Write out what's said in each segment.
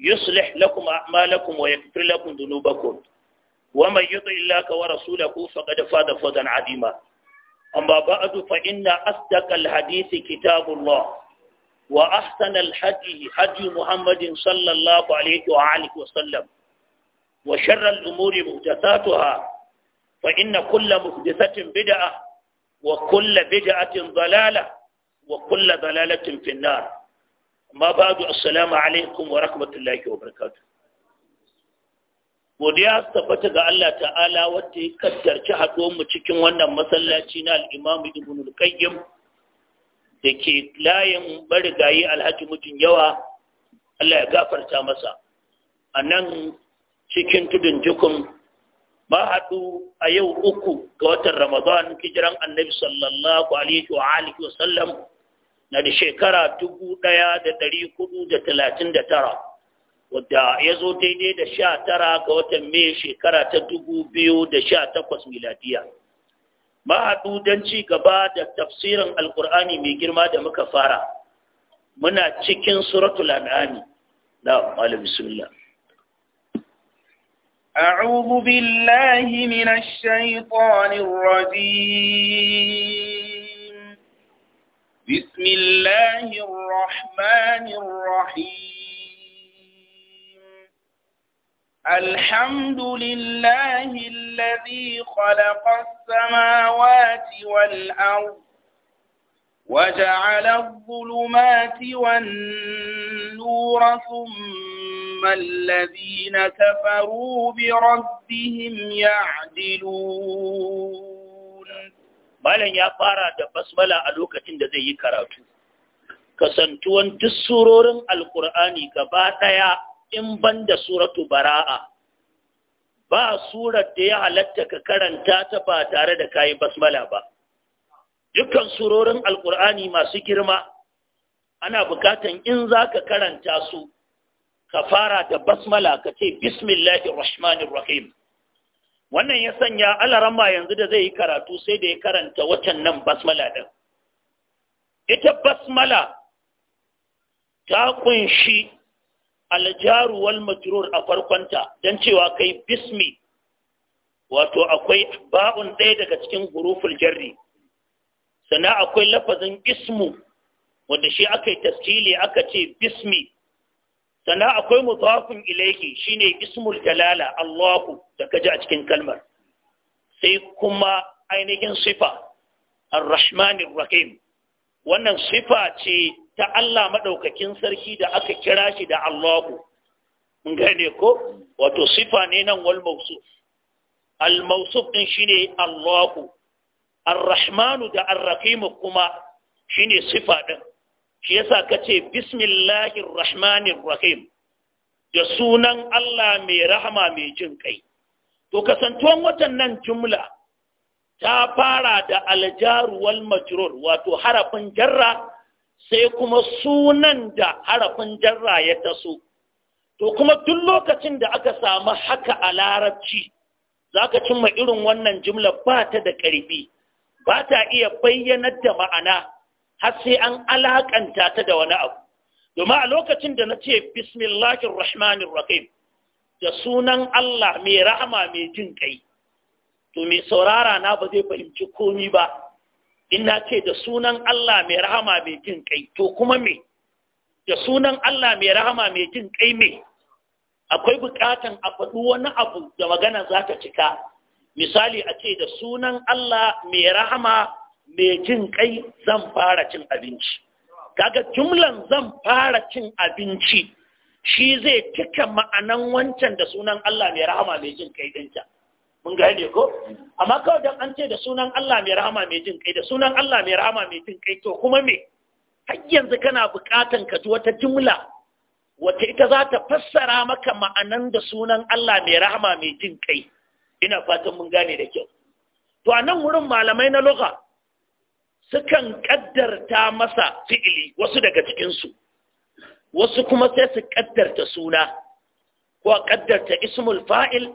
يصلح لكم أعمالكم ويكفر لكم ذنوبكم ومن يطع الله ورسوله فقد فاز فوزا عظيما أما بعد فإن أصدق الحديث كتاب الله وأحسن الحدي هدي محمد صلى الله عليه وآله وسلم وشر الأمور محدثاتها فإن كل محدثة بدعة وكل بدعة ضلالة وكل ضلالة في النار amma babu assalamu alaikum wa rahmatullahi wa barakatuh godiya tabbata ga Allah ta'ala wanda ya kaddarci haɗuwar mu cikin wannan masallaci na al-Imam Ibn al-Qayyim dake layin barigayi Alhaji Mutun Yawa Allah ya gafarta masa anan cikin tudun jukun ba haɗu a yau uku ga watan Ramadan kijiran Annabi sallallahu alaihi wa alihi wa sallam na da shekara dubu ɗaya da ɗari hudu da talatin da tara wadda ya zo daidai da sha tara ga watan mai shekara ta dubu biyu da sha takwas miladiya ma'adu don ci gaba da tafsirin alkur'ani mai girma da muka fara muna cikin suratul an'ami na malam bismillah أعوذ بالله من الشيطان الرجيم بسم الله الرحمن الرحيم الحمد لله الذي خلق السماوات والأرض وجعل الظلمات والنور ثم الذين كفروا بربهم يعدلون malam ya fara da basmala a lokacin da zai yi karatu kasantuwan duk surorin alkur'ani gaba ɗaya in ban da suratu bara'a ba surar da ya halatta ka karanta ta ba tare da kayi basmala ba dukkan surorin alkur'ani masu girma ana bukatan in za ka karanta su ka fara da basmala ka ce bismillahir rahmanir rahim wannan ya sanya alarama yanzu da zai yi karatu sai da ya karanta watan nan basmala ɗin ita basmala ta kunshi aljaru wal majrur a farkonta don cewa kai bismi wato akwai ba'un ɗaya daga cikin huruful jarri sannan akwai lafazin ismu wanda shi aka yi tasjili aka ce bismi sannan akwai mudafun ilayhi shine ismul jalala Allahu da ji a cikin kalmar sai kuma ainihin sifa ar-rahmanir rahim wannan sifa ce ta Allah madaukakin sarki da aka kira shi da Allahu mun gane ko wato sifa ne nan wal mawsuf al mawsuf din shine Allahu ar-rahmanu da ar-rahim kuma shine sifa din shi yasa kace bismillahir rahmanir rahim da sunan Allah mai rahama mai jin kai to kasantuwan nan jumla ta fara da aljaru wal majrur wato harafin jarra sai kuma sunan da harafin jarra ya taso to kuma duk lokacin da aka samu haka a larabci zaka cimma irin wannan jumla ba ta da ƙarfi ba ta iya bayyanar da ma'ana har sai an alakanta ta da wani abu domin a lokacin da na ce bismillahir rahmanir rahim da sunan Allah mai rahama mai jin kai to mai saurara na ba zai fahimci komi ba in na ce da sunan Allah mai rahama mai jin kai to kuma me da sunan Allah mai rahama mai jin kai me akwai bukatan a faɗi wani abu da magana za ta cika misali a ce da sunan Allah mai rahama mai jin kai zan fara cin abinci kaga jumlan zan fara cin abinci shi zai cika ma'anan wancan da sunan Allah mai rahama mai jin kai dinta mun gane ko amma kawai dan an ce da sunan Allah mai rahama mai jin kai da sunan Allah mai rahama mai jin kai to kuma me har yanzu kana buƙatan ka ji wata jumla wata ita za ta fassara maka ma'anan da sunan Allah mai rahama mai jin kai ina fatan mun gane da kyau to a nan wurin malamai na lugha sukan ƙaddarta masa fi'ili wasu daga cikinsu wasu kuma sai su ƙaddarta suna ko a ƙaddarta ismul fa'il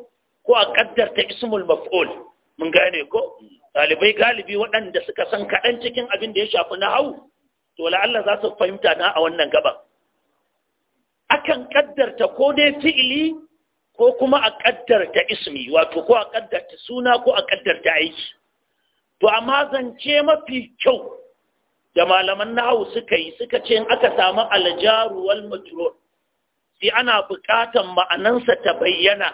ko a ƙaddarta ismul maf'ul mun gane ko ɗalibai galibi waɗanda suka san kaɗan cikin abin da ya shafi na hau to la'alla za su fahimta na a wannan gaba akan ƙaddarta ko dai fi'ili ko kuma a ƙaddarta ismi wato ko a ƙaddarta suna ko a ƙaddarta aiki to amma zance mafi kyau da malaman nahu suka yi suka ce in aka samu aljaru wal sai ana buƙatan ma'anansa ta bayyana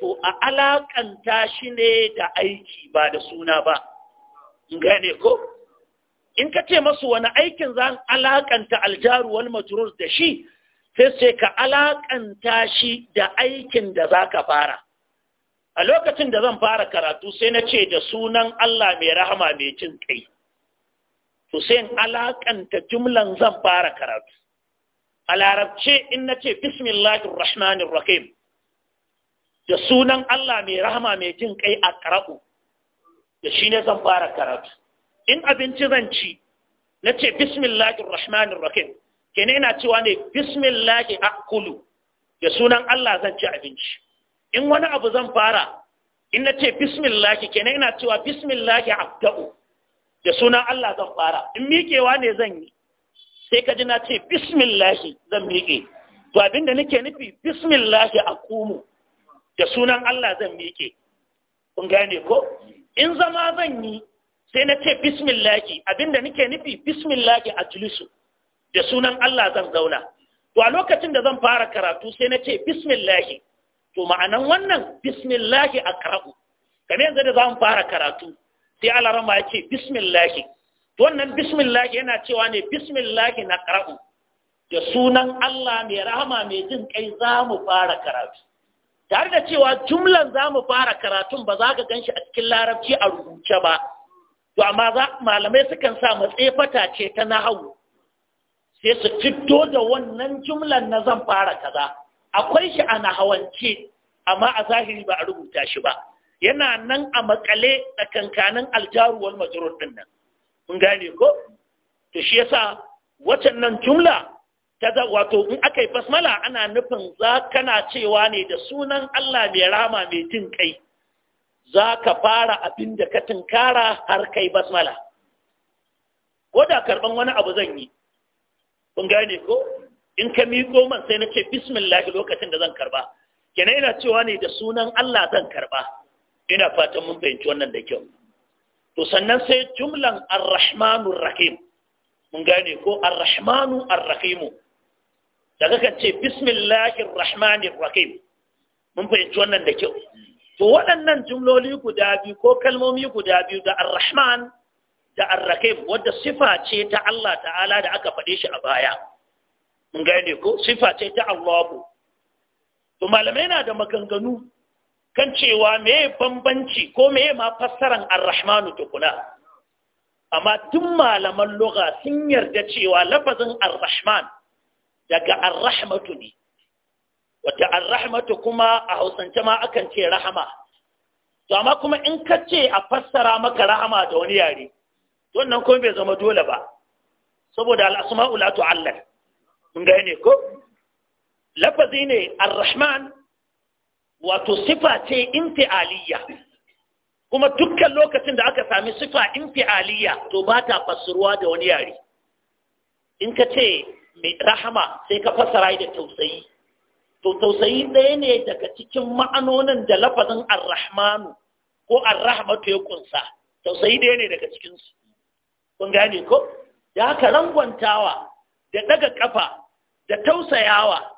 to a alakanta shi ne da aiki ba da suna ba in gane ko in ka ce masu wani aikin zan alaƙanta aljaru wal da shi sai sai ka alaƙanta shi da aikin da za ka fara a lokacin da zan fara karatu sai na ce da sunan Allah mai rahama mai jin kai to sai in alakanta jumlan zan fara karatu a larabce in na ce bismillahir rahmanir rahim da sunan Allah mai rahama mai jin kai a karatu da shi ne zan fara karatu in abinci zan ci na ce bismillahir rahmanir rahim kene ina cewa ne bismillahi akulu da sunan Allah zan ci abinci in wani abu zan fara in na ce bismillahi kenan ina cewa bismillahi abda'u da sunan Allah zan fara in miƙewa ne zan yi sai ka ji na ce bismillahi zan miƙe to abinda nake nufi bismillahi aqumu da sunan Allah zan miƙe kun gane ko in zama zan yi sai na ce bismillahi abinda nake nufi bismillahi ajlisu da sunan Allah zan zauna to a lokacin da zan fara karatu sai na ce bismillahi to ma'anan wannan bismillahi akra'u kamar yanzu da zamu fara karatu sai alarama ya ce bismillahi to wannan bismillahi yana cewa ne bismillahi na qara'u da sunan Allah mai rahama mai jin kai zamu fara karatu tare da cewa jumlan zamu fara karatun ba za ka ganshi a cikin larabci a rubuce ba to amma za malamai sukan sa matsefata ce ta nahawu sai su fito da wannan jumlan na zan fara kaza akwai shi a nahawance amma a zahiri ba a rubuta shi ba yana nan a makale kankanin aljaruwar majrur din nan mun gane ko to shi yasa waccan nan jumla ta da wato in aka yi basmala ana nufin za kana cewa ne da sunan Allah mai rama mai jin kai za ka fara abin da ka tunkara har kai basmala ko da karban wani abu zan yi kun gane ko in ka miƙo man sai na ce "Bismillah lokacin da zan karba kenan ina cewa ne da sunan Allah zan karba ina fatan mun fahimci wannan da kyau to sannan sai jumlan Ar-Rahmanu rahim mun gane ko Ar-Rahmanu ar arrahim da kakan ce bismillahir rahmanir rahim mun fahimci wannan da kyau to waɗannan jumloli guda biyu ko kalmomi guda biyu da Ar-Rahman da ar arrahim wadda sifa ce ta Allah ta'ala da aka faɗe shi a baya gane ko sifa ce ta Allahu to malamai na da maganganu kan cewa meye bambanci ko meye ma fassaran ar-rahmanu tukuna amma tun malaman lugha sun yarda cewa lafazin ar daga ar ne wata ar kuma a hausance ma akan ce rahama to amma kuma in ka ce a fassara maka rahama da wani yare wannan kuma bai zama dole ba saboda al asma'u la tu'allal kun gane ko lafazi ne ar-rahman wato sifa ce infi'aliyya kuma dukkan lokacin da aka sami sifa infi'aliyya to ba ta fassuruwa da wani yare in ka ce mai rahama sai ka fassara da tausayi to tausayi ɗaya ne daga cikin ma'anonin da lafazin ar ko ar ta ya kunsa tausayi ɗaya ne daga cikinsu kun gane ko da haka rangwantawa da ɗaga kafa da tausayawa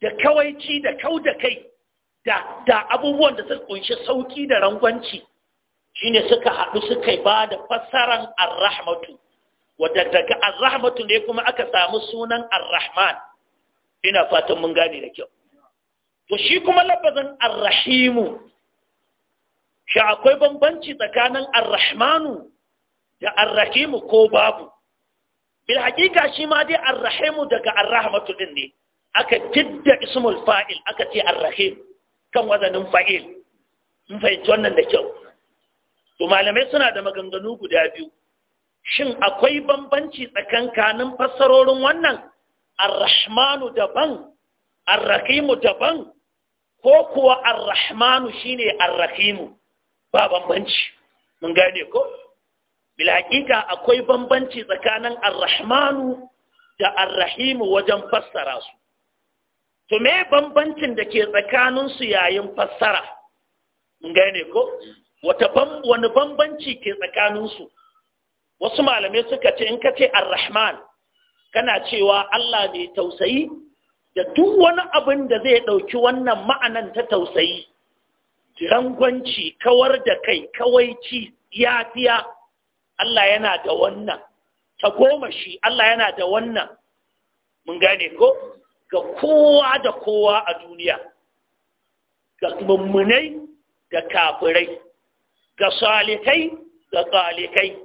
da kawaici da kau da kai da abubuwan da suka kunshi sauki da rangwanci shine suka haɗu suka ba da fassaran al rahmatu wadda daga arrahmatu rahmatu ne kuma aka samu sunan al rahman ina fatan mun gane da kyau to shi kuma lafazin arrahimu rahimu shi akwai bambanci tsakanin al rahmanu da arrahimu rahimu ko babu bil haƙiƙa shi ma dai arrahimu daga arrahmatu din ne aka jidda ismul fa'il aka ce arrahim kan wazanin fa'il mun fahimci wannan da kyau to malamai suna da maganganu guda biyu shin akwai bambanci tsakankanin fassarorin wannan arrahmanu daban arrahimu daban ko kuwa arrahmanu shine arrahimu ba bambanci mun gane ko bil haƙiƙa akwai bambanci tsakanin ar-rahmanu da ar-rahimu wajen fassara su to me bambancin da ke tsakanin su yayin fassara gane ko wata wani bambanci ke tsakanin su wasu malamai suka ce in ka ce ar-rahman kana cewa Allah mai tausayi da duk wani abin da zai ɗauki wannan ma'anan ta tausayi rangwanci kawar da kai kawai kawaici yafiya Allah yana da wannan ta goma shi Allah yana da wannan mun gane ko ga kowa da kowa a duniya ga mummunai da kafirai ga salikai da tsalikai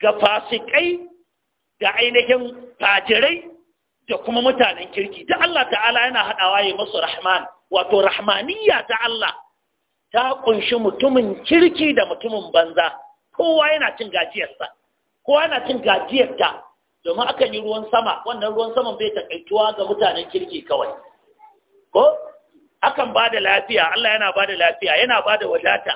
ga fasikai da ainihin fajirai da kuma mutanen kirki da Allah ta'ala yana haɗawa yi masu rahman wato rahmaniyya ta Allah ta ƙunshi mutumin kirki da mutumin banza kowa yana cin gajiyarsa kowa yana cin gajiyarta domin akan yi ruwan sama wannan ruwan sama bai takaituwa ga mutanen kirki kawai ko akan ba da lafiya Allah yana ba da lafiya yana ba da wadata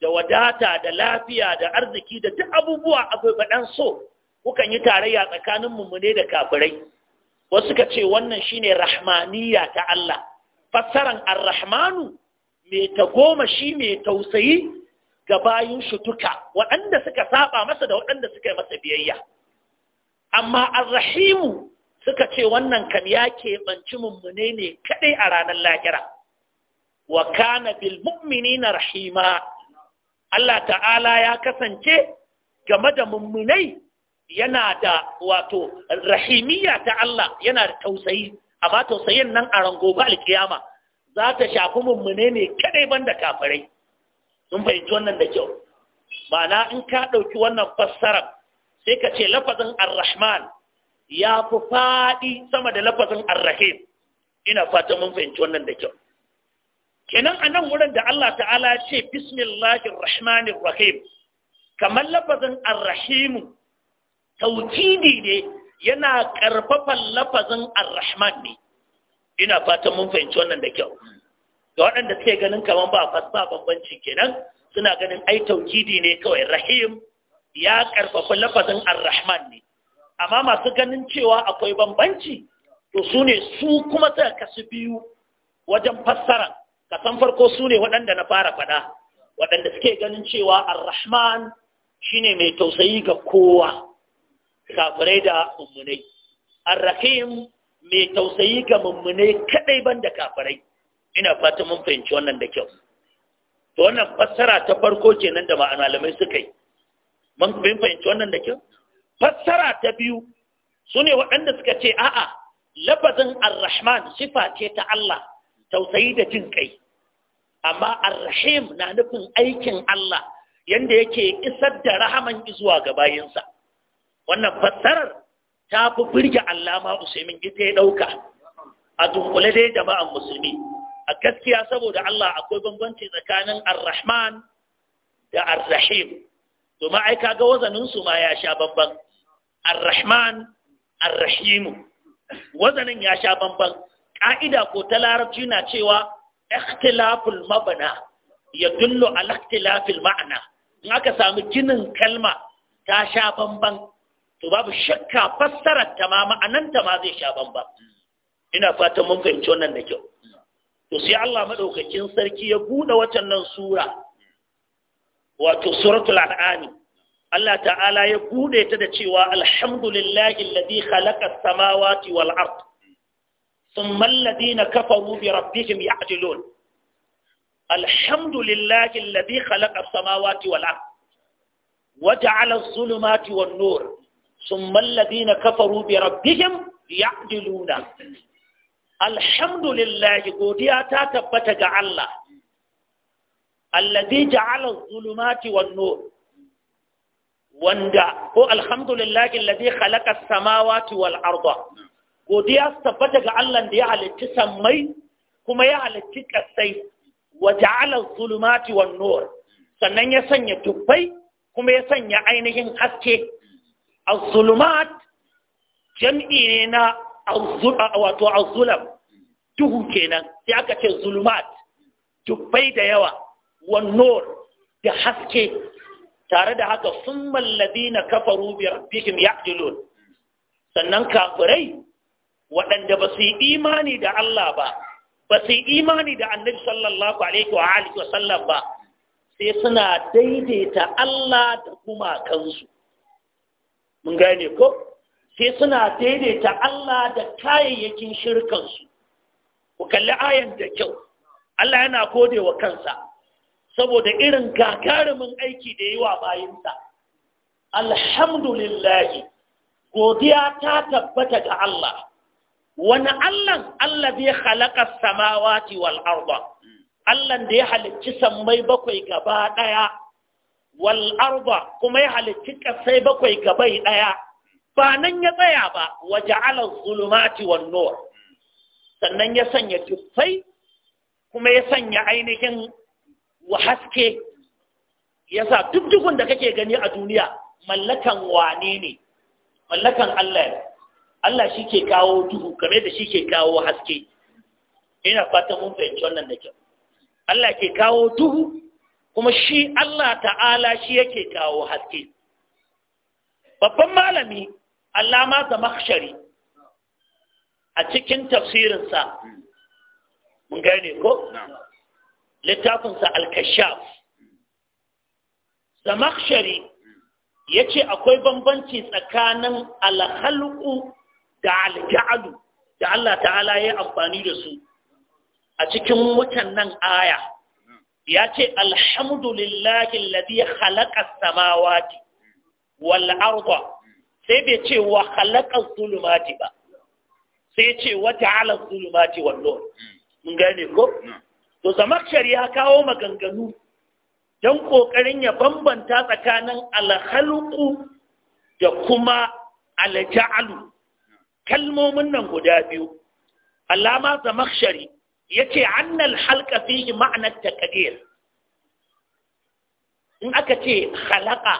da wadata da lafiya da arziki da duk abubuwa akwai faɗan so kukan yi tarayya tsakanin mummune da kafirai wasu ka ce wannan shine rahmaniyya ta Allah fassaran ar-rahmanu mai tagoma shi mai tausayi ga bayin shutuka waɗanda suka saba masa da waɗanda suka yi masa biyayya amma arrahimu suka ce wannan kan ya keɓanci mummune ne kaɗai a ranar lahira wa kana bil mu'minina rahima Allah ta'ala ya kasance game da mummunai yana da wato rahimiyya ta Allah yana da tausayi amma tausayin nan a rango ba alkiyama za ta shafi mummune ne kaɗai banda kafirai mun fahimci wannan da kyau ma'ana in ka ɗauki wannan fassara sai ka ce lafazin arrahman ya fi faɗi sama da lafazin arrahim rahim ina fata mun fahimci wannan da kyau kenan a nan wurin da Allah ta'ala ce bismillahir rahmanir rahim kamar lafazin arrahim rahim ne yana karfafa lafazin arrahman ne ina fatan mun fahimci wannan da kyau ga waɗanda suke ganin kamar ba fasa bambanci kenan suna ganin ai taukidi ne kawai rahim ya karfafa lafazin arrahman ne amma masu ganin cewa akwai bambanci to su ne su kuma suka kasu biyu wajen fassara Ka san farko su ne waɗanda na fara faɗa waɗanda suke ganin cewa arrahman shine mai tausayi ga kowa kafirai da mummunai arrahim mai tausayi ga mummunai kadai banda kafirai ina fatan mun fahimci wannan da kyau to wannan fassara ta farko kenan da malamai suka yi mun fahimci wannan da kyau fassara ta biyu sune waɗanda suka ce a'a lafazin ar-rahman sifa ce ta Allah tausayi da jin kai amma ar-rahim na nufin aikin Allah yanda yake isar da rahaman zuwa ga bayinsa wannan fassarar ta fi birge allama usaimin ita ya ɗauka a dunkule dai jama'an musulmi a gaskiya saboda Allah akwai bambanci tsakanin ar-rahman da ar-rahim domin ai kaga wazanin su ma ya sha bamban ar-rahman ar-rahim wazanin ya sha bamban ka'ida ko ta larabci na cewa ikhtilaful ya yadullu ala ikhtilafil ma'ana. in aka samu ginin kalma ta sha bamban to babu shakka fassarar ta ma ma'ananta ma zai sha bamban ina fatan mun fahimci wannan da kyau to sai Allah maɗaukakin sarki ya buɗe watan nan sura wato suratul an'ami Allah ta'ala ya buɗe ta da cewa alhamdulillahi alladhi khalaqa as-samawati wal ard thumma alladhina kafaru bi rabbihim ya'dilun alhamdulillahi alladhi khalaqa as-samawati wal ard وجعل الظلمات والنور ثم الذين كفروا بربهم يعدلون alhamdulillah godiya ta tabbata ga Allah allazi ja'ala zulumati wan nur wanda ko alhamdulillah allazi khalaqa samawati wal arda godiya tabbata ga Allah da ya halitta sammai kuma ya halitta kasai wa ja'ala zulumati wan nur sannan ya sanya tuffai kuma ya sanya ainihin haske az-zulumat jam'i ne na wato azulam duhu kenan sai aka ce zulumat dubbai da yawa nur da haske tare da haka sun mallabi na kafaru bi rabbihim ya'dilun sannan kafirai waɗanda ba su yi imani da Allah ba ba su yi imani da annabi sallallahu alaihi wa alihi wa sallam ba sai suna daidaita Allah da kuma kansu mun gane ko sai suna daidaita Allah da kayayyakin shirkansu ku kalli ayan da kyau Allah yana gode wa kansa saboda irin gagarumin aiki da yi wa bayinsa alhamdulillahi godiya ta tabbata ga Allah wani Allahn Allah bai halaka samawati wal arda Allahn da ya halicci sammai bakwai gaba ɗaya wal kuma ya halicci ƙasai bakwai gabai ɗaya ba nan ya tsaya ba wa ja'ala zulumati wan nur sannan ya sanya tuffai kuma ya sanya ainihin wa haske yasa duk dukun da kake gani a duniya mallakan wane ne mallakan Allah ne Allah shi ke kawo duhu kame da shi ke kawo haske ina fatan mun fahimci wannan da kyau Allah ke kawo duhu kuma shi Allah ta'ala shi yake kawo haske babban malami allama zamakshari a cikin tafsirinsa mun gane ko littafinsa al-kashaf ya ce akwai bambanci tsakanin alhalku da aljalu da Allah ta'ala ya amfani da su a cikin watannan aya ya ce alhamdulillahi ladi khalaqa samawati wal arda sai bai ce wa khalaqa zulumati ba sai ce wata halar zulumati wallo mun gane ko to zama ya kawo maganganu don kokarin ya bambanta tsakanin alhalqu da kuma alja'alu kalmomin nan guda biyu alama zama ya yace annal halka fihi ma'anar taqdir in aka ce halaka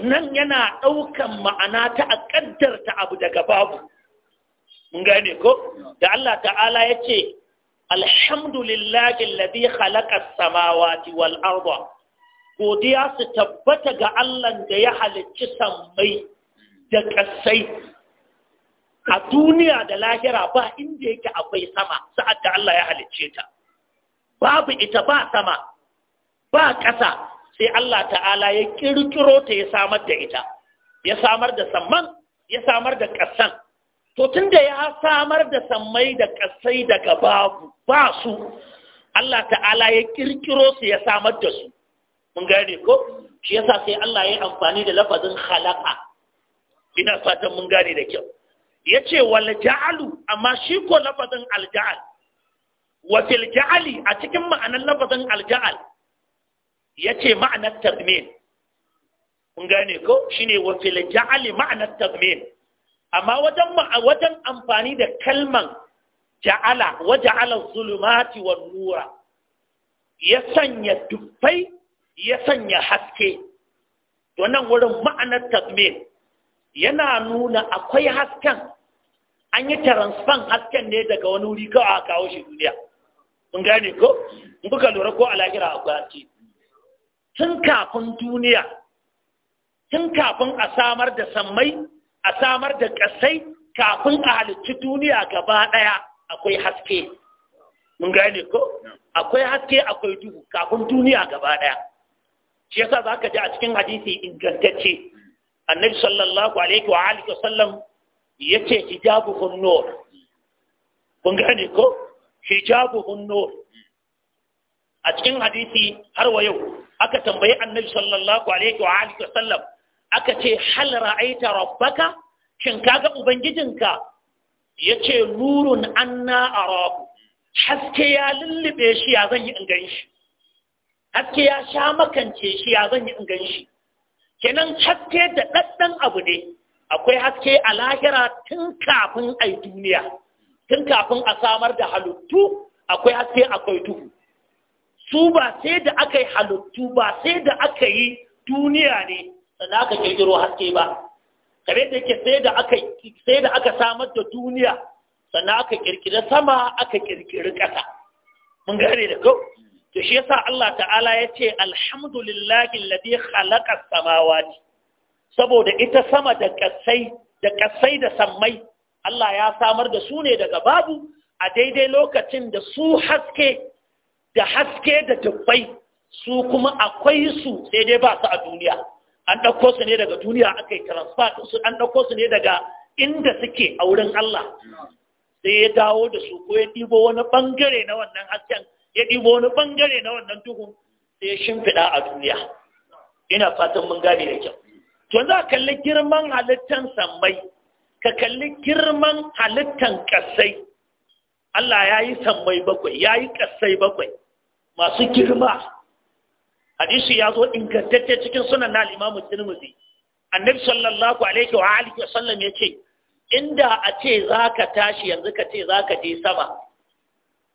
nan yana ɗaukan ma'ana ta a ƙaddarta abu daga babu mun gane ko da Allah ta'ala ya ce alhamdulillahi alladhi khalaqa samawati wal arda godiya su tabbata ga Allah da ya halicci sammai da ƙasai a duniya da lahira ba inda yake akwai sama sa'ad da Allah ya halicce ta babu ita ba sama ba ƙasa sai Allah ta'ala ya kirkiro ta ya samar da ita ya samar da samman ya samar da ƙasan to da ya samar da sammai da ƙasai daga babu ba su Allah ta'ala ya kirkiro su ya samar da su mun gane ko shi yasa sai Allah ya amfani da lafazin khalaqa ina fatan mun gane da kyau yace wal ja'alu amma shi ko lafazin alja'al. ja'al wa fil ja'ali a cikin ma'anar lafazin alja'al. yace ma'anar tazmin kun gane ko shine wa fil ja'ali ma'anar tazmin amma wajen wajen amfani da kalman ja'ala wa ja'ala zulumati wa nura ya sanya dufai ya sanya haske to nan wurin ma'anar tazmin yana nuna akwai hasken an yi transfer hasken ne daga wani wuri kawai a kawo shi duniya kun gane ko in kuka lura ko a lahira akwai tun kafin duniya tun kafin a samar da sammai a samar da ƙasai kafin a halicci duniya gaba ɗaya akwai haske mun gane ko akwai haske akwai duhu kafin duniya gaba ɗaya shi yasa za ka ji a cikin hadisi ingantacce annabi sallallahu alaihi wa alihi wa sallam ya ce hijabu hunnur kun gane ko hijabu hunnur a cikin hadisi har wa yau aka tambayi annabi sallallahu alaihi wa alihi wasallam aka ce hal ra'aita rabbaka shin kaga ubangijinka yace nurun anna arab haske ya lullube shi ya zan yi in gan shi haske ya sha makance shi ya zan yi in gan shi kenan haske da daddan abu ne akwai haske a lahira tun kafin ai duniya tun kafin a samar da halittu akwai haske akwai duhu su ba sai da aka yi halittu ba sai da aka yi duniya ne sannan aka kirkiro haske ba kare da yake sai aka sai da aka samar da duniya sannan aka kirkiri sama aka kirkiri ƙasa mun gane da kau to shi yasa Allah ta'ala ya ce alhamdulillahi alladhi khalaqa samawati saboda ita sama da ƙasai da kasai da sammai Allah ya samar da su ne daga babu a daidai lokacin da su haske da haske da dubbai su kuma akwai su sai dai ba su a duniya an ɗauko su ne daga duniya aka yi transfer su an ɗauko su ne daga inda suke a wurin Allah sai ya dawo da su ko ya ɗibo wani ɓangare na wannan hasken ya ɗibo wani ɓangare na wannan duhun sai ya shimfiɗa a duniya ina fatan mun gane da kyau to za ka kalli girman halittan sammai ka kalli girman halittan ƙasai Allah ya yi sammai bakwai ya yi ƙasai bakwai masu girma hadisi ya zo ingantacce cikin sunan na imamu tirmidhi annabi sallallahu alaihi wa alihi wa sallam ya ce inda a ce zaka tashi yanzu ka ce zaka je sama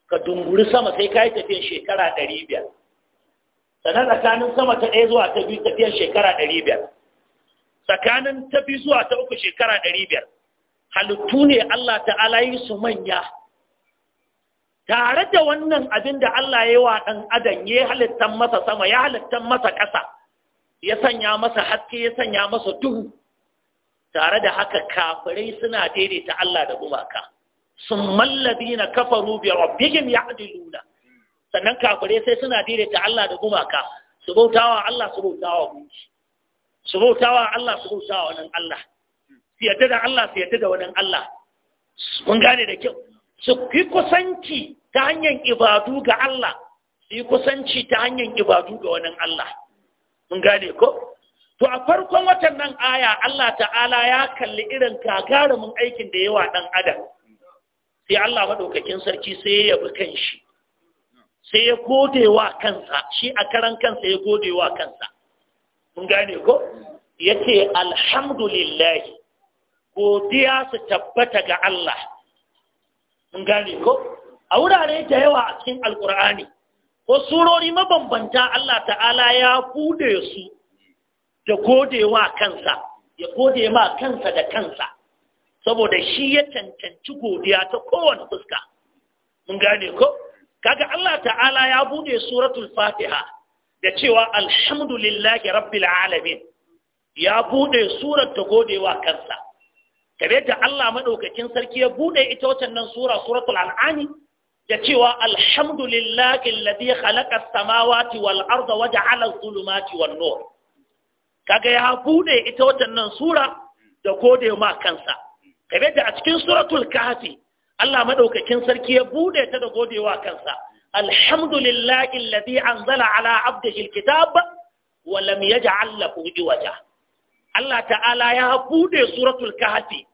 ka dunguri sama sai ka yi tafiyar shekara ɗari biyar sannan tsakanin sama ta ɗaya zuwa ta biyu tafiyar shekara ɗari biyar tsakanin ta biyu zuwa ta uku shekara ɗari biyar halittu ne Allah ta'ala yi su manya tare da wannan abin da Allah ya yi wa ɗan adam ya halittan masa sama ya halittan masa ƙasa ya sanya masa haske ya sanya masa duhu tare da haka kafirai suna daidaita Allah da gumaka sun mallabi na kafaru bi rabbihim ya'diluna sannan kafirai sai suna daidaita Allah da gumaka su bautawa Allah su bautawa gunki su bautawa Allah su bautawa wannan Allah su yadda da Allah su yadda da wannan Allah mun gane da kyau su yi kusanci ta hanyar ibadu ga Allah su yi kusanci ta hanyar ibadu ga wani Allah mun gane ko to a farkon watan nan aya Allah ta'ala ya kalli irin kagarumin aikin da yawa ɗan adam sai Allah maɗaukakin sarki sai ya yabi shi. sai ya gode wa kansa shi a karan kansa ya gode wa kansa mun gane ko Yake alhamdulillahi, godiya su tabbata ga Allah mun gane ko a wurare da yawa a cikin alkur'ani ko surori mabambanta Allah ta'ala ya bude su da godewa kansa ya gode ma kansa da kansa saboda shi ya cancanci godiya ta kowane fuska mun gane ko kaga Allah ta'ala ya bude suratul fatiha da cewa alhamdulillahi rabbil alamin ya bude surar ta godewa kansa kamar da Allah maɗaukakin sarki ya buɗe ita waccan sura suratul al'ani da cewa alhamdulillahi alladhi khalaqa as-samawati wal arda waje ja'ala adh-dhulumati nur kaga ya bude ita waccan sura da gode ma kansa kamar a cikin suratul kahfi Allah maɗaukakin sarki ya buɗe ta da godewa kansa alhamdulillahi alladhi anzala ala abdihi al-kitaba wa lam yaj'al lahu iwaja Allah ta'ala ya buɗe suratul kahfi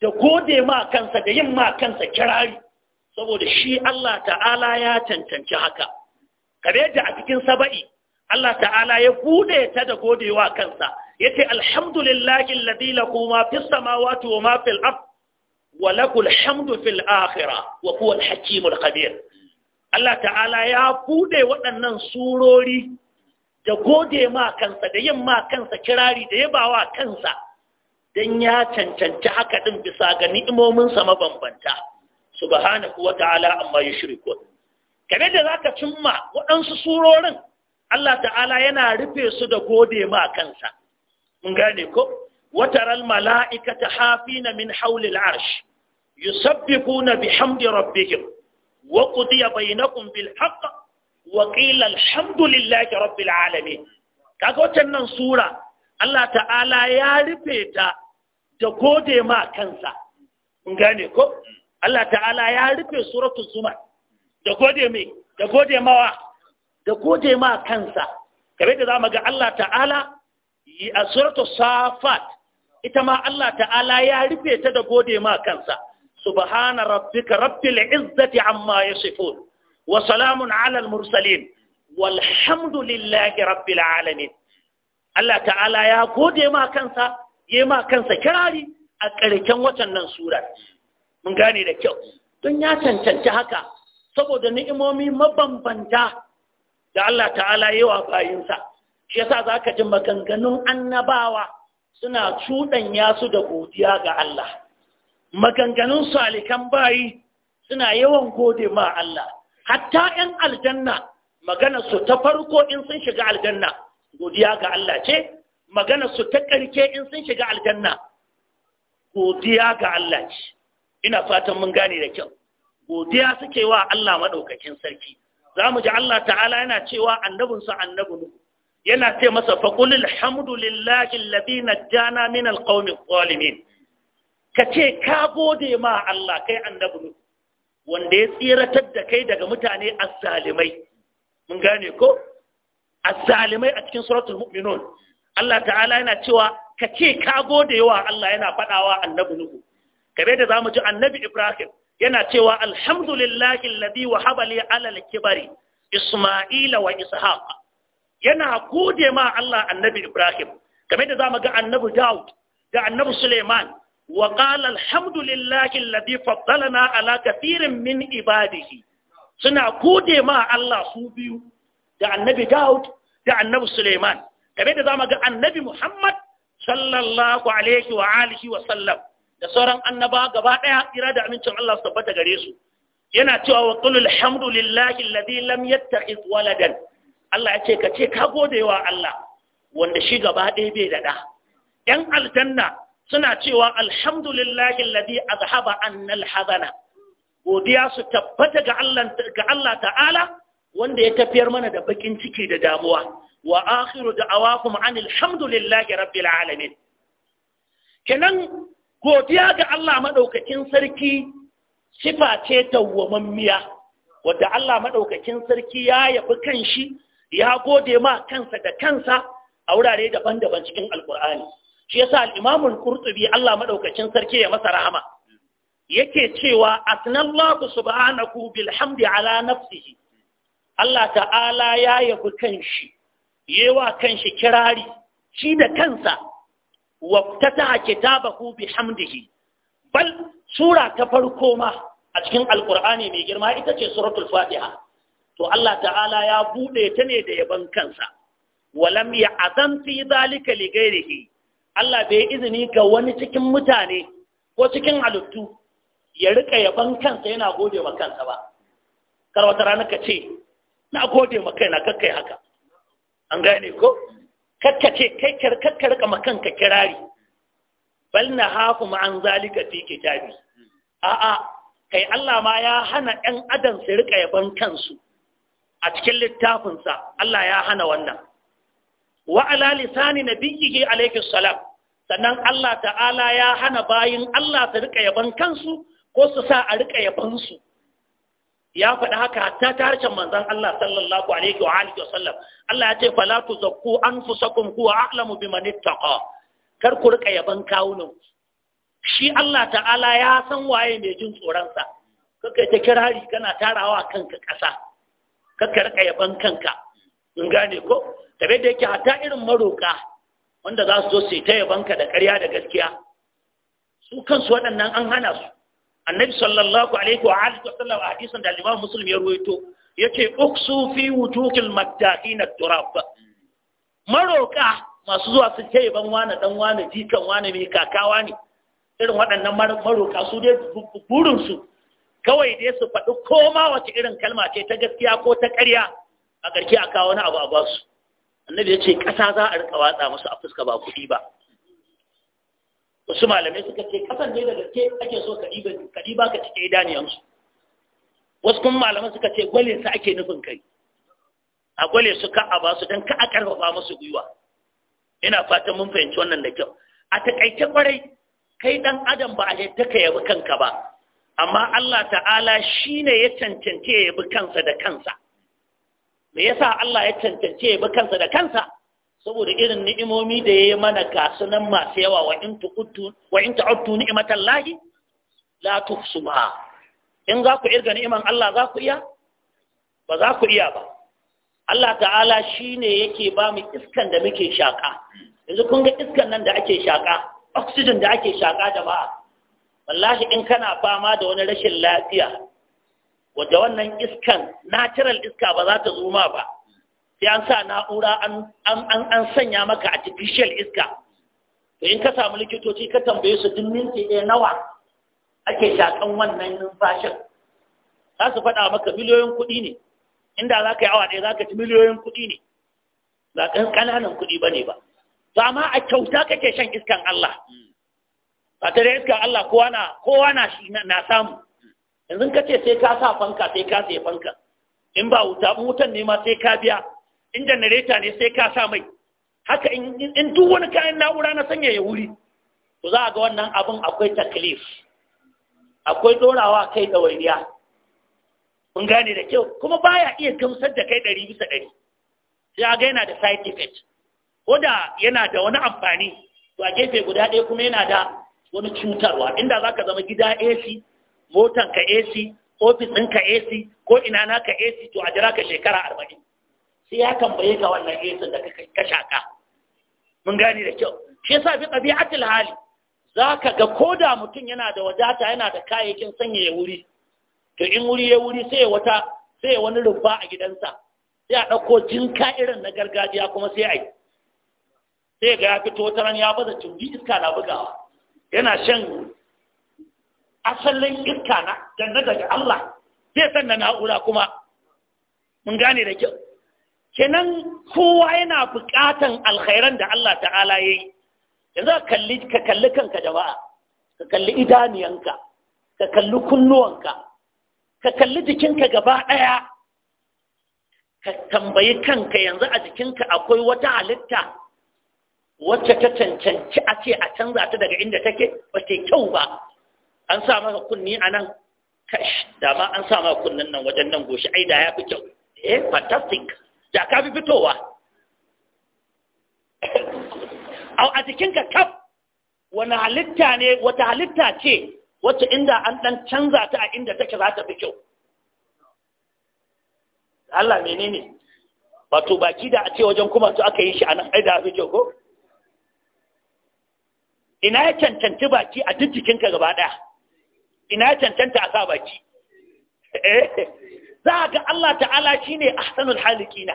da gode ma kansa da yin ma kansa kirari saboda shi Allah ta'ala ya cancanci haka kare da a cikin saba'i Allah ta'ala ya buɗe ta da godewa kansa yace alhamdulillahi alladhi lahu ma fis samawati wa ma fil ard wa lakul hamdu fil akhirah wa huwa al-hakimul khabir Allah ta'ala ya buɗe waɗannan surori da gode ma kansa da yin ma kansa kirari da yabawa kansa don ya cancanci haka din bisa ga ni'imominsa mabambanta subhanahu wa ta'ala amma yushrikun kare da zaka cimma waɗansu surorin Allah ta'ala yana rufe su da gode ma kansa mun gane ko wataral mala'ikata hafina min hawlil arsh yusabbihuna bihamdi rabbihim wa qudiya bainakum bil haqq wa qila alhamdulillahi rabbil alamin kaga wannan nan sura Allah ta'ala ya rufe ta da gode ma kansa in gane ko Allah ta'ala ya rufe suratul zumar da gode mai da gode mawa da gode ma kansa kabe da zamu ga Allah ta'ala a suratul safat ita ma Allah ta'ala ya rufe ta da gode ma kansa subhana rabbika rabbil izzati amma yasifun Wasalamun alal mursalin walhamdulillahi rabbil alamin Allah ta'ala ya gode ma kansa kansa kirari a ƙarshen watan nan surar mun gane da kyau don ya cancanci haka saboda ni'imomi mabambanta da Allah ta'ala yi wa bayinsa shi yasa zaka ji maganganun annabawa suna cuɗanya su da godiya ga Allah maganganun salikan bayi suna yawan gode ma Allah hatta ‘yan aljanna magana su ta farko in sun shiga aljanna godiya ga Allah ce magana su ta ƙarke in sun shiga aljanna godiya ga Allah ce ina fatan mun gane da kyau godiya suke wa Allah maɗaukakin sarki za mu ji Allah ta'ala yana cewa annabinsu annabinu yana ce masa faƙul alhamdulillahi alladhi najjana min alqawmi adh Ka kace ka gode ma Allah kai annabinu wanda ya tsiratar da kai daga mutane azzalimai mun gane ko azzalimai a cikin suratul mu'minun Allah ta'ala yana cewa ka ce ka gode yawa Allah yana faɗawa annabi nuhu kabe da zamu ji annabi ibrahim yana cewa alhamdulillahi alladhi wahaba li ala al-kibari isma'ila wa ishaq yana gode ma Allah annabi ibrahim kabe da zamu ga annabi daud da annabi suleiman wa qala alhamdulillahi alladhi ala kathirin min ibadihi suna gode ma Allah su biyu da annabi Daud da annabi Suleiman game da zamu ga annabi Muhammad sallallahu alaihi wa alihi wa da sauran annaba gaba ɗaya kira da amincin Allah su tabbata gare su yana cewa wa qul alhamdulillahi alladhi lam yattakhidh waladan Allah ya ce ka gode wa Allah wanda shi gaba bai daɗa. ‘yan aljanna suna cewa alhamdulillahi alladhi azhaba anna hazana. godiya su tabbata ga Allah ga Allah ta'ala wanda ya tafiyar mana da bakin ciki da damuwa wa akhiru da'awakum anil hamdulillahi rabbil alamin kenan godiya ga Allah madaukakin sarki sifa ce tawwamammiya wadda Allah madaukakin sarki ya yabi kanshi ya gode ma kansa da kansa a wurare daban-daban cikin alkur'ani shi yasa al-Imam Allah maɗaukacin sarki ya masa rahama yake cewa asnallahu subhanahu bilhamdi ala nafsihi Allah ta'ala ya yabi kanshi yewa kanshi kirari shi da kansa wa tata kitabahu bihamdihi bal sura ta farko ma a cikin alqur'ani mai girma ita ce suratul fatiha to Allah ta'ala ya bude ta ne da yaban kansa walam ya azam fi zalika li ghairihi Allah bai izini ga wani cikin mutane ko cikin halittu ya rika yaban kansa yana gode wa kansa ba kar wata rana ka ce na gode kai na kakkai haka an gane ko kakka ce kai kakka rika ma kanka kirari bal na hafu ma an zalika fi kitabi a'a kai Allah ma ya hana ɗan adam su rika yaban kansu a cikin littafinsa Allah ya hana wannan wa na lisani nabiyyi alaikis salam sannan Allah ta'ala ya hana bayin Allah su rika yaban kansu ko su sa a rika yaban ya faɗi haka hatta ta harshen manzan Allah sallallahu alaihi wa alihi wasallam Allah ya ce fala zakku anfusakum huwa a'lamu biman ittaqa kar ku rika yaban kawunan shi Allah ta'ala ya san waye mai jin tsoron sa kake ta kirari kana tarawa kanka ƙasa kake rika yaban kanka in gane ko tabe da yake hatta irin maroka wanda za su zo su yi ta yabanka da ƙarya da gaskiya su kansu waɗannan an hana su annabi sallallahu alaihi wa alihi wa sallam a hadisin da al-Imam Muslim ya ruwaito yace uksu fi wutukil mattaqin at-turab maroka masu zuwa su ce ban wani dan wani jikan wani mai kakawa ne irin waɗannan maroka su dai burin su kawai dai su faɗi koma wace irin kalma ce ta gaskiya ko ta ƙarya a ƙarshe a kawo wani abu a basu annabi ya ce ƙasa za a rika watsa musu a fuska ba kuɗi ba wasu malamai suka ce ƙasan ne da gaske ake so ka ba ka cike idaniyansu wasu kuma malamai suka ce gwale su ake nufin kai a gwale su ka a ba su don ka a ƙarfafa musu gwiwa ina fatan mun fahimci wannan da kyau a taƙaice ƙwarai kai ɗan adam ba a yadda ka yabi kanka ba amma Allah ta'ala shi ne ya cancanci ya yabi kansa da kansa me yasa Allah ya cancance ba kansa da kansa saboda irin ni'imomi da yayi mana gasu nan masu yawa wa in tuqtu wa in ta'uddu ni'matallahi la tuhsuha in za ku irga ni'iman Allah za ku iya ba za ku iya ba Allah ta'ala shine yake ba mu iskan da muke shaka yanzu kun ga iskan nan da ake shaka oxygen da ake shaka jama'a wallahi in kana fama da wani rashin lafiya Waje wannan iskan natural iska ba za ta zo ma ba sai an sa na'ura an sanya maka artificial iska to in ka samu likitoci ka tambaye su duk minti ɗaya nawa ake shakan wannan numfashin za su faɗa maka miliyoyin kuɗi ne inda za ka yi awa ɗaya za ka ci miliyoyin kuɗi ne ba ɗan ƙananan kuɗi ba ne ba to amma a kyauta kake shan iskan Allah ba ta da iskan Allah kowa na kowa na shi na samu yanzu ka ce sai ka sa fanka sai ka sai fanka in ba wuta wutan ne ma sai ka biya in janareta ne sai ka sa mai haka in duk wani kayan na'ura na sanya ya wuri to za a ga wannan abin akwai taklif akwai dorawa kai da wariya kun gane da kyau kuma baya iya gamsar da kai ɗari bisa ɗari sai a ga yana da side effect ko da yana da wani amfani to a gefe guda ɗaya kuma yana da wani cutarwa inda za ka zama gida AC motan ka AC ofis ɗin ka AC ko ina na ka AC to a jira ka shekara arba'in sai ya tambaye ka wannan AC da ka shaka mun gani da kyau shi yasa fi ɗabi'atul hali za ka ga ko da mutum yana da wadata yana da kayayyakin sanyaya wuri to in wuri ya wuri sai wata sai wani rumfa a gidansa sai a ɗauko jinka irin na gargajiya kuma sai a yi sai ga ya fito wata ya baza tumbi iska na bugawa yana shan asalin iska na danna daga Allah zai sanna na'ura kuma mun gane da kyau kenan kowa yana buƙatan alkhairan da Allah ta'ala ya yi yanzu ka kalli ka kalli kanka jama'a ka kalli idaniyanka ka kalli kunnuwanka ka kalli jikinka gaba ɗaya ka tambayi kanka yanzu a jikinka akwai wata halitta wacce ta cancanci a ce a canza ta daga inda take ba ta kyau ba an sa maka kunni a nan kash da ma an sa maka kunnin nan wajen nan goshi ai da ya fi kyau eh fantastic da ka fi fitowa a jikinka kaf wani halitta ne wata halitta ce wacce inda an dan canza ta a inda take za ta fi kyau Allah menene wato baki da a ce wajen kuma su aka yi shi a nan ai da fi kyau ko ina ya cancanci baki a duk jikinka gaba daya ina cancanta a sa eh, za a ga Allah ta'ala shi ne a sanar halikina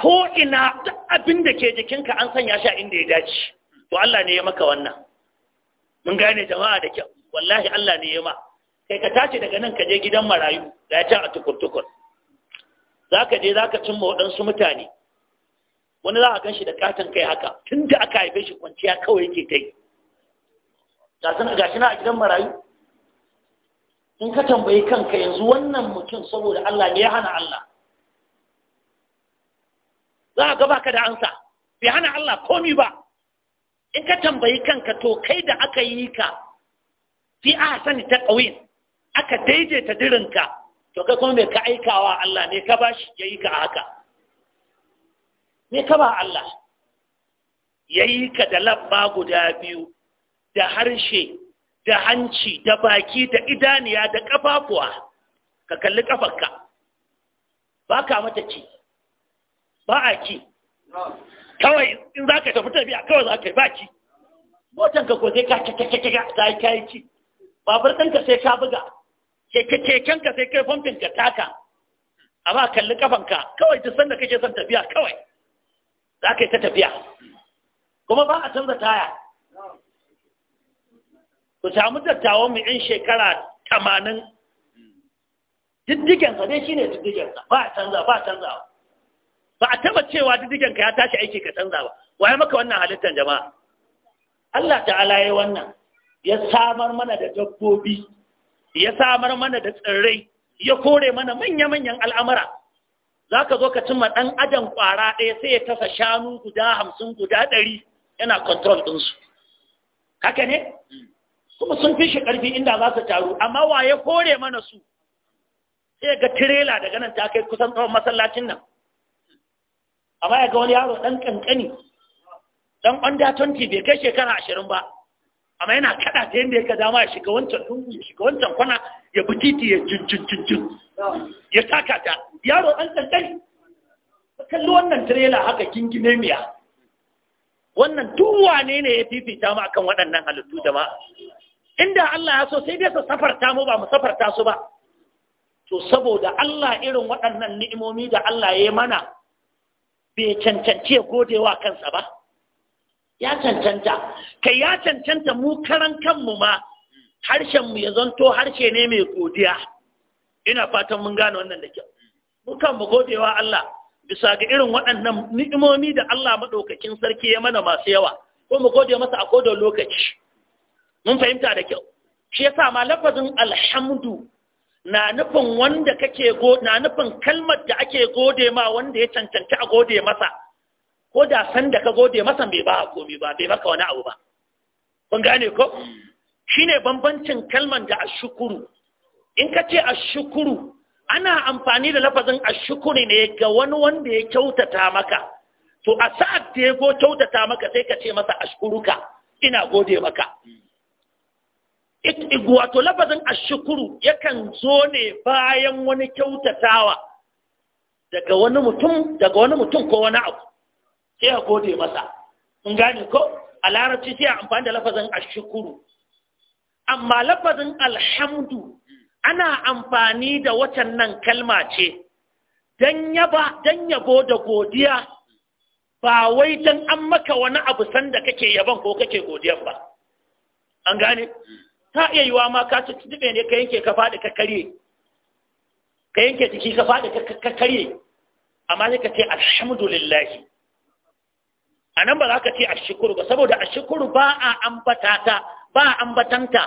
ko ina ta abin da ke jikinka an sanya shi inda ya dace to Allah ne ya maka wannan mun gane jama'a da kyau wallahi Allah ne ya ma kai ka tashi daga nan ka je gidan marayu da ya can a tukur-tukur za ka je za ka cimma waɗansu mutane wani za a gan shi da katon kai haka tun da aka haife shi kwanciya kawai yake ta yi ga shi na a gidan marayu in ka tambayi kanka yanzu wannan mutum saboda Allah ne ya hana Allah za a gaba ka da ansa bai hana Allah komi ba in ka tambayi kanka to kai da aka yi ka fi a sani ta ƙauyin aka daidaita dirinka to kai kuma mai ka aikawa Allah ne ka ba shi ya yi ka a haka me ka ba Allah ya yi ka da labba guda biyu da harshe da hanci da baki da idaniya da ƙafafuwa ka kalli ƙafarka ba ka mata ci ba a ki kawai in za ka tafi tafiya kawai za ka yi ba ki motan ka ko sai ka kakakaka ta yi kayan ci babar ɗanka sai ka buga keken ka sai kai famfin ka taka amma kalli kafanka kawai duk sanda kake son tafiya kawai za ka yi ta tafiya kuma ba a canza taya ku samu dattawan mu yan shekara tamanin diddigensa dai shine diddigensa ba canza ba canza ba a taba cewa diddigenka ya tashi aiki ka canza ba waye maka wannan halittar jama'a Allah ta'ala ya wannan ya samar mana da dabbobi ya samar mana da tsirrai ya kore mana manya-manyan al'amura za ka zo ka cimma ɗan adam ƙwara ɗaya sai ya tasa shanu guda hamsin guda ɗari yana kontrol ɗinsu haka ne hmm. kuma sun fi shi ƙarfi inda za su taru amma waye kore mana su sai ga tirela daga nan ta kai kusan tsawon masallacin nan amma ya ga wani yaro ɗan ƙanƙani ɗan ƙwanda twenty bai kai shekara ashirin ba amma yana kaɗa ta yadda ya ka dama ya shiga wancan lungu ya shiga wancan kwana ya bi titi ya jin. ya taka ta yaro ɗan ƙanƙani kalli wannan tirela haka gingine miya wannan duk wane ne ya fifita ma akan waɗannan halittu ma inda Allah ya so sai dai su safarta mu ba mu safarta su ba to saboda Allah irin waɗannan ni'imomi da Allah ya mana bai cancanci ya gode wa kansa ba ya cancanta kai ya cancanta mu karan kanmu ma harshen mu ya zanto harshe ne mai godiya ina fatan mun gane wannan da kyau mu kan mu wa Allah bisa ga irin waɗannan ni'imomi da Allah madaukakin sarki ya mana masu yawa ko mu gode masa a kodon lokaci mun fahimta da kyau shi yasa ma lafazin alhamdu na nufin wanda kake go na nufin kalmar da ake gode ma wanda ya cancanci a gode masa ko da san da ka gode masa bai ba komai ba bai maka wani abu ba kun gane ko shine bambancin kalmar da ashukuru in ka ce ashukuru ana amfani da lafazin ashkuru ne ga wani wanda ya kyautata maka to a sa'ad da ya go kyautata maka sai ka ce masa ashkuruka ina gode maka wato lafazin ashukuru yakan zo ne bayan wani kyautatawa daga wani mutum daga wani mutum ko wani abu sai ya gode masa mun gane ko a larabci sai a amfani da lafazin ashukuru amma labarin alhamdu ana amfani da watannan kalma ce don yabo da godiya ba wai don an maka wani abu sanda kake yaban ko kake godiyan ba an gane ta iya yiwa ma ka ne ka yanke ka faɗi ka karye ka yanke jiki ka faɗi ka karye amma sai ka ce alhamdulillah a nan ba za ka ce ashkuru ba saboda ashkuru ba a ambata ba a ambatanta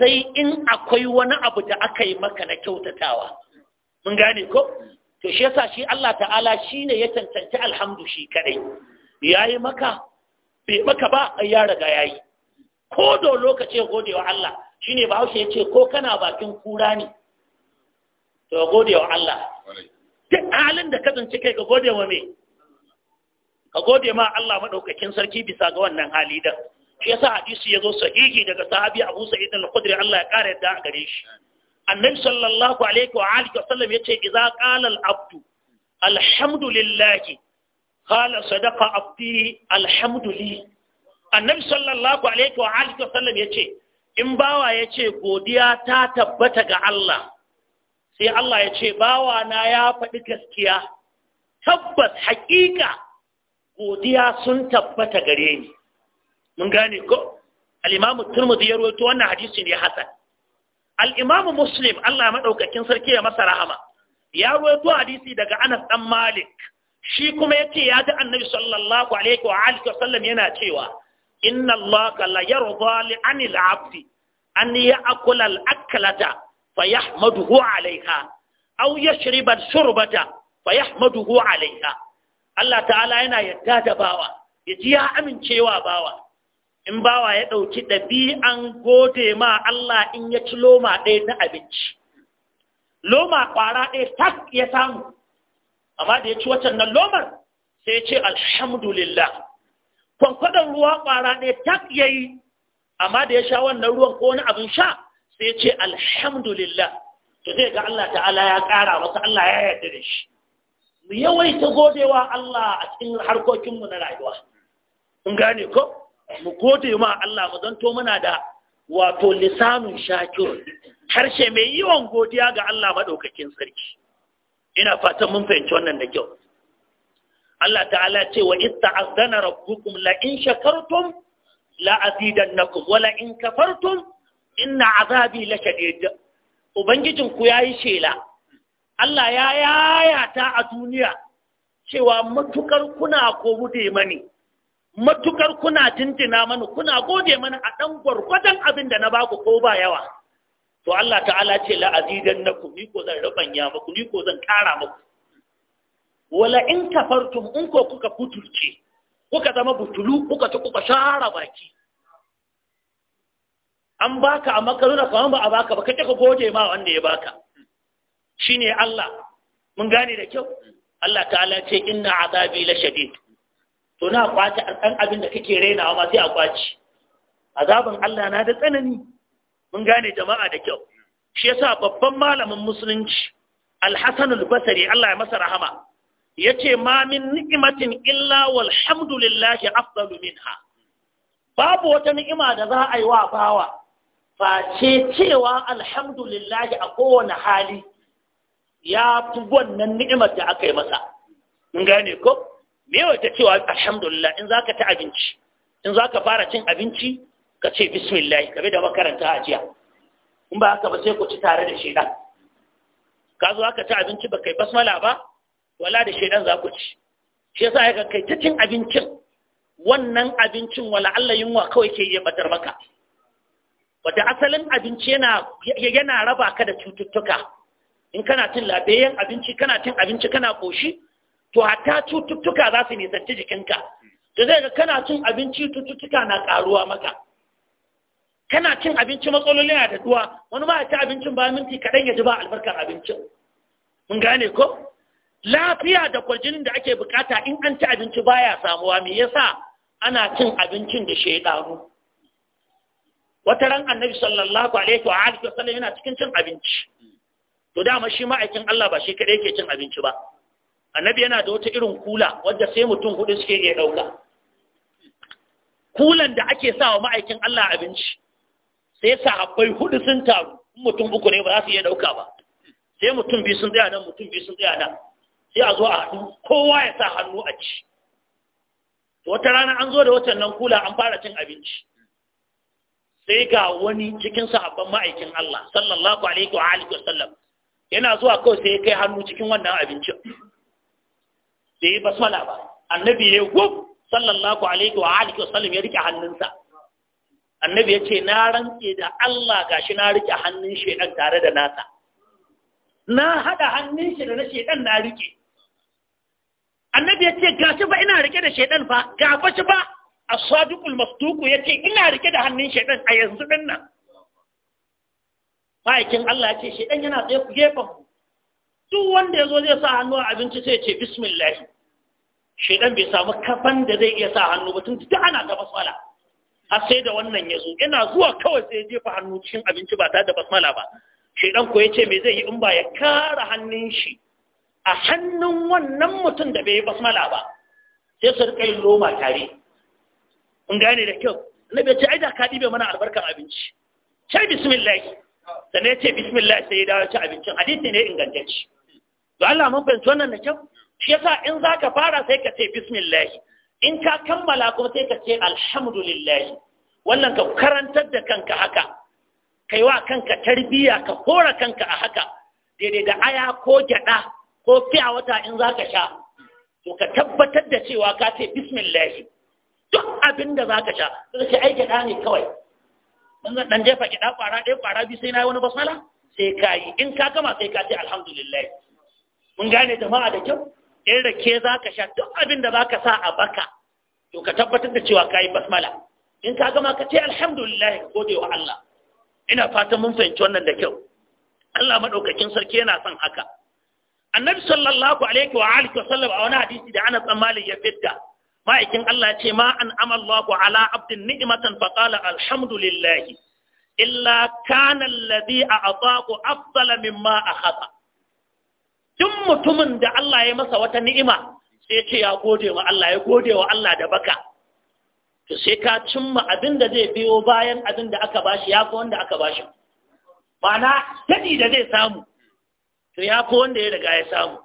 sai in akwai wani abu da aka yi maka na kyautatawa mun gane ko to shi yasa shi Allah ta'ala shine ya cancanci alhamdu shi kadai yayi maka bai maka ba ya riga yayi ko da lokaci gode wa Allah shine Bahaushe ya ce ko kana bakin kura ne to godewa Allah duk halin da kasance kai ka gode wa ka gode ma Allah maɗaukakin sarki bisa ga wannan hali da shi yasa hadisi zo sahihi daga sahabi Abu Sa'id al-Khudri Allah ya kare da gare shi annabi sallallahu alaihi wa alihi wasallam yace iza qala al-abdu alhamdulillahi qala sadaqa abdi alhamdulillah annabi sallallahu alaihi wa alihi wasallam yace in bawa yace godiya ta tabbata ga Allah sai Allah ya ce bawa na ya faɗi gaskiya tabbas haƙiƙa godiya sun tabbata gare ni mun gane ko al-imamu turmudi ya rawaito wannan hadisi ne hasan al-imamu muslim Allah madaukakin sarki ya masa rahama ya rawaito hadisi daga Anas dan Malik shi kuma yace ya ji annabi sallallahu alaihi wa alihi wasallam yana cewa inna allaha la yarda li anil abdi an ya'kula al aklata fayahmaduhu alaiha aw yashriba al shurbata fayahmaduhu alaiha Allah ta'ala yana yadda da bawa ya ya amincewa bawa in bawa ya ɗauki ɗabi'an gode ma Allah in ya ci loma ɗaya na abinci loma ƙwara ɗaya tak ya samu amma da ya ci waccan nan lomar sai ya ce alhamdulillah kwankwadon ruwa ƙwara ne tak ya yi amma da ya sha wannan ruwan ko wani abin sha sai ce alhamdulillah to zai ga Allah ta'ala ya ƙara wasu Allah ya yarda da shi mu yawaita godewa Allah a cikin harkokinmu na rayuwa in gane ko mu gode ma Allah mu zanto muna da wato lisanun shakir harshe mai yawan godiya ga Allah madaukakin sarki ina fatan mun fahimci wannan da kyau Allah ta'ala ce wa ista azana rabbukum la in shakartum la azidannakum wa la in kafartum inna azabi la shadid ubangijin ku yayi shela Allah ya yayata a duniya cewa matukar kuna ko gode mani matukar kuna tintina mani kuna gode mani a ɗan gwargwadon abin da na baku ko ba yawa to Allah ta'ala ce la azidannakum ni ko zan rubanya muku ni ko zan kara muku wala in kafartum in ko kuka kuturce kuka zama butulu kuka ci kuka shara baki an baka a makaruna kamar ba a baka ba kake ka goje ma wanda ya baka shine Allah mun gane da kyau Allah ta'ala ce inna azabi la shadid to na kwaci dan abin da kake rainawa ma sai a kwaci azabin Allah na da tsanani mun gane jama'a da kyau shi yasa babban malamin musulunci Al-Hasan al-Basri Allah ya masa rahama yace ma min ni'matin illa walhamdulillahi afdalu minha babu wata ni'ima da za a yi wa bawa face cewa alhamdulillahi a kowane hali ya fi wannan ni'imar da aka yi masa in gane ko me wata cewa alhamdulillah in zaka ta abinci in zaka fara cin abinci ka ce bismillah kabe da makaranta a jiya in ba haka ba sai ku ci tare da shi ka zo aka ci abinci ba kai basmala ba wala da shaidan za ku ci shi yasa ya kai ta cin abincin wannan abincin wala Allah yunwa kawai ke iya batar maka wata asalin abinci yana yana raba ka da cututtuka in kana cin labeyyen abinci kana cin abinci kana koshi to hatta cututtuka za su nisanci jikinka To zai ga kana cin abinci cututtuka na karuwa maka kana cin abinci matsaloli na da duwa wani ba ya ci abincin ba minti kaɗan ya ji ba albarkar abincin mun gane ko lafiya da kwarjinin da ake bukata in an ci abinci baya samuwa me yasa ana cin abincin da shaidanu wata ran annabi sallallahu alaihi wa alihi wasallam yana cikin cin abinci to dama shi ma'aikin Allah ba shi kadai yake cin abinci ba annabi yana da wata irin kula wadda sai mutum hudu suke iya dauka kulan da ake sawa ma'aikin Allah abinci sai sahabbai hudu sun taru mutum uku ne ba za su iya dauka ba sai mutum biyu sun tsaya nan mutum biyu sun tsaya nan sai a zo a haɗu kowa ya sa hannu a ci wata rana an zo da watan nan kula an fara cin abinci sai ga wani cikin sahabban ma'aikin Allah sallallahu alaihi wa alihi wa sallam yana zuwa kawai sai ya kai hannu cikin wannan abincin sai yi basmala ba annabi ya gub sallallahu alaihi wa alihi wa sallam ya rike hannunsa annabi ya ce na rantse da Allah gashi na rike hannun shedan tare da nasa na hada hannun shi da na shedan na rike annabi ya ce gashi ba ina rike da shaidan fa ga fa shi ba as-sadiqul masduq ya ce ina rike da hannun shaidan a yanzu din nan ma'aikin Allah ya ce shaidan yana tsaye ku gefen duk wanda ya zo zai sa hannu a abinci sai ya ce bismillah shaidan bai samu kafan da zai iya sa hannu ba tun duk ana ta basmala har sai da wannan yazo. zo yana zuwa kawai sai ya jefa hannu cikin abinci ba tare da basmala ba shaidan ko ya ce me zai yi in ba ya kara hannun shi a hannun wannan mutum da bai yi basmala ba sai su rika yin loma tare in gane da kyau na bai ce aida ka ɗibe mana albarkar abinci ce bismillah da ya ce bismillah sai ya dawo ci abincin hadisi ne ingantacci to Allah mun fahimci wannan da kyau shi yasa in zaka fara sai ka ce bismillah in ka kammala kuma sai ka ce alhamdulillah wannan ka karantar da kanka haka kai wa kanka tarbiya ka kora kanka a haka daidai da aya ko gyaɗa. ko fiya wata in za ka sha to ka tabbatar da cewa ka ce bismillahi duk abin da za ka sha sai ka aiki ɗa ne kawai Ɗan zan ɗan jefa ɗa ƙwara ɗaya ƙwara biyu sai na yi wani basmala sai ka yi in ka gama sai ka ce alhamdulillahi. mun gane jama'a da kyau in rake za ka sha duk abin da za ka sa a baka to ka tabbatar da cewa ka yi basmala in ka gama ka ce alhamdulillahi gode wa Allah ina fatan mun fahimci wannan da kyau Allah maɗaukakin sarki yana son haka annabi sallallahu alaihi wa alihi wasallam a wani hadisi da ana bin ya fidda. ma'aikin Allah ce ma an amallahu ala abdin ni'matan fa qala alhamdulillah illa kana alladhi a'taqu afdala mimma akhadha duk mutumin da Allah ya masa wata ni'ima sai ce ya gode wa Allah ya gode wa Allah da baka to sai ka cimma abin da zai biyo bayan abin da aka bashi ya fi wanda aka bashi ma'ana dadi da zai samu to ya fi wanda ya daga ya samu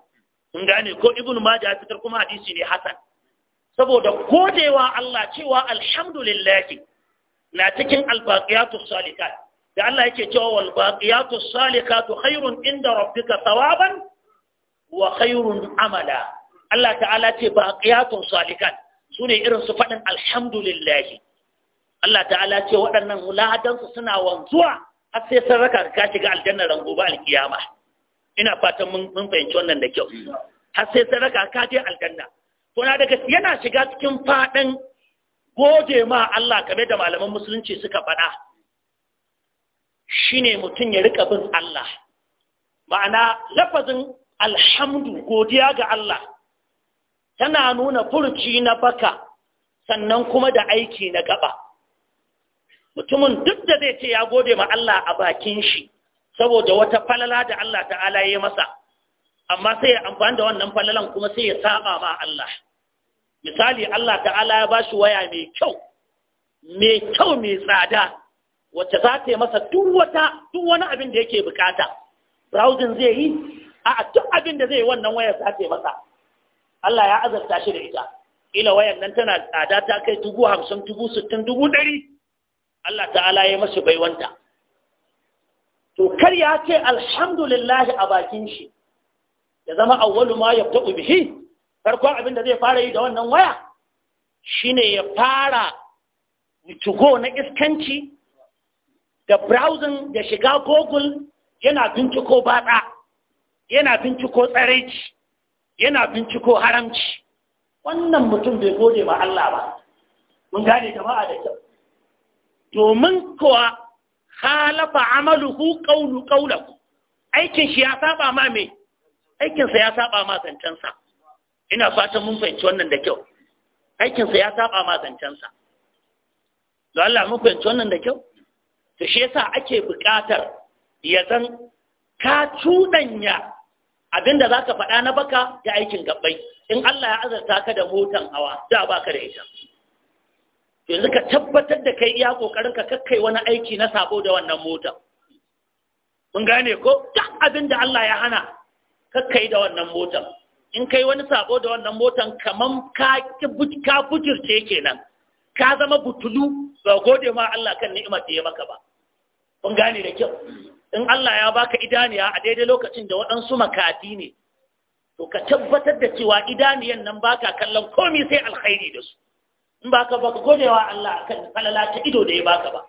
in gane ko ibn maja ya fitar kuma hadisi ne hasan saboda godewa Allah cewa alhamdulillahi na cikin albaqiyatus salikat da Allah yake cewa wal baqiyatus salikatu khairun inda rabbika thawaban wa khairun amala Allah ta'ala ce baqiyatus salikat sune irin su fadin alhamdulillahi Allah ta'ala ce waɗannan ladansu suna wanzuwa har sai sun raka ka shiga aljanna rango ba alkiyama ina fatan mun fahimci wannan da kyau har sai sadaka ka je aljanna to na daga yana shiga cikin faɗin gode ma Allah kamar da malaman musulunci suka faɗa shine mutum ya rika bin Allah ma'ana lafazin alhamdu godiya ga Allah tana nuna furci na baka sannan kuma da aiki na gaba mutumin duk da zai ce ya gode ma Allah a bakin shi saboda wata falala da Allah ta'ala ya yi masa amma sai ya amfani da wannan falalan kuma sai ya saba ma Allah misali Allah ta'ala ya bashi waya mai kyau mai kyau mai tsada wacce za ta yi masa duk wata duk wani abin da yake bukata browsing zai yi a duk abin da zai yi wannan wayar za ta yi masa Allah ya azarta shi da ita ila wayar nan tana tsada ta kai dubu hamsin dubu sittin dubu ɗari Allah ta'ala ya yi mashi baiwanta to kar ya ce alhamdulillah a bakin shi ya zama awwalu ma yabda'u bihi farkon abin da zai fara yi da wannan waya shine ya fara mutugo na iskanci da browsing da shiga google yana binciko batsa yana binciko tsareci, yana binciko haramci wannan mutum bai gode ba Allah ba mun gane jama'a da kyau domin kuwa khalafa amaluhu qawlu qawlahu aikin shi ya saba ma me aikin sa ya saba ma zancan sa ina fatan mun fahimci wannan da kyau aikin sa ya saba ma zancan sa don Allah mun fahimci wannan da kyau to shi yasa ake buƙatar ya zan ka tudanya abinda zaka faɗa na baka ga aikin gabbai in Allah ya azarta ka da motan hawa da baka da ita yanzu ka tabbatar da kai iya kokarin ka kakkai wani aiki na sabo da wannan mota mun gane ko duk abin da Allah ya hana kakkai da wannan motan in kai wani sabo da wannan motan kaman ka ka bujirce kenan ka zama butulu ba gode ma Allah kan ni'imar da ya maka ba mun gane da kyau in Allah ya baka idaniya a daidai lokacin da waɗansu makati ne to ka tabbatar da cewa idaniyan nan baka kallon komai sai alkhairi da su in ba ka baka godewa Allah akan falala ta ido da ya baka ba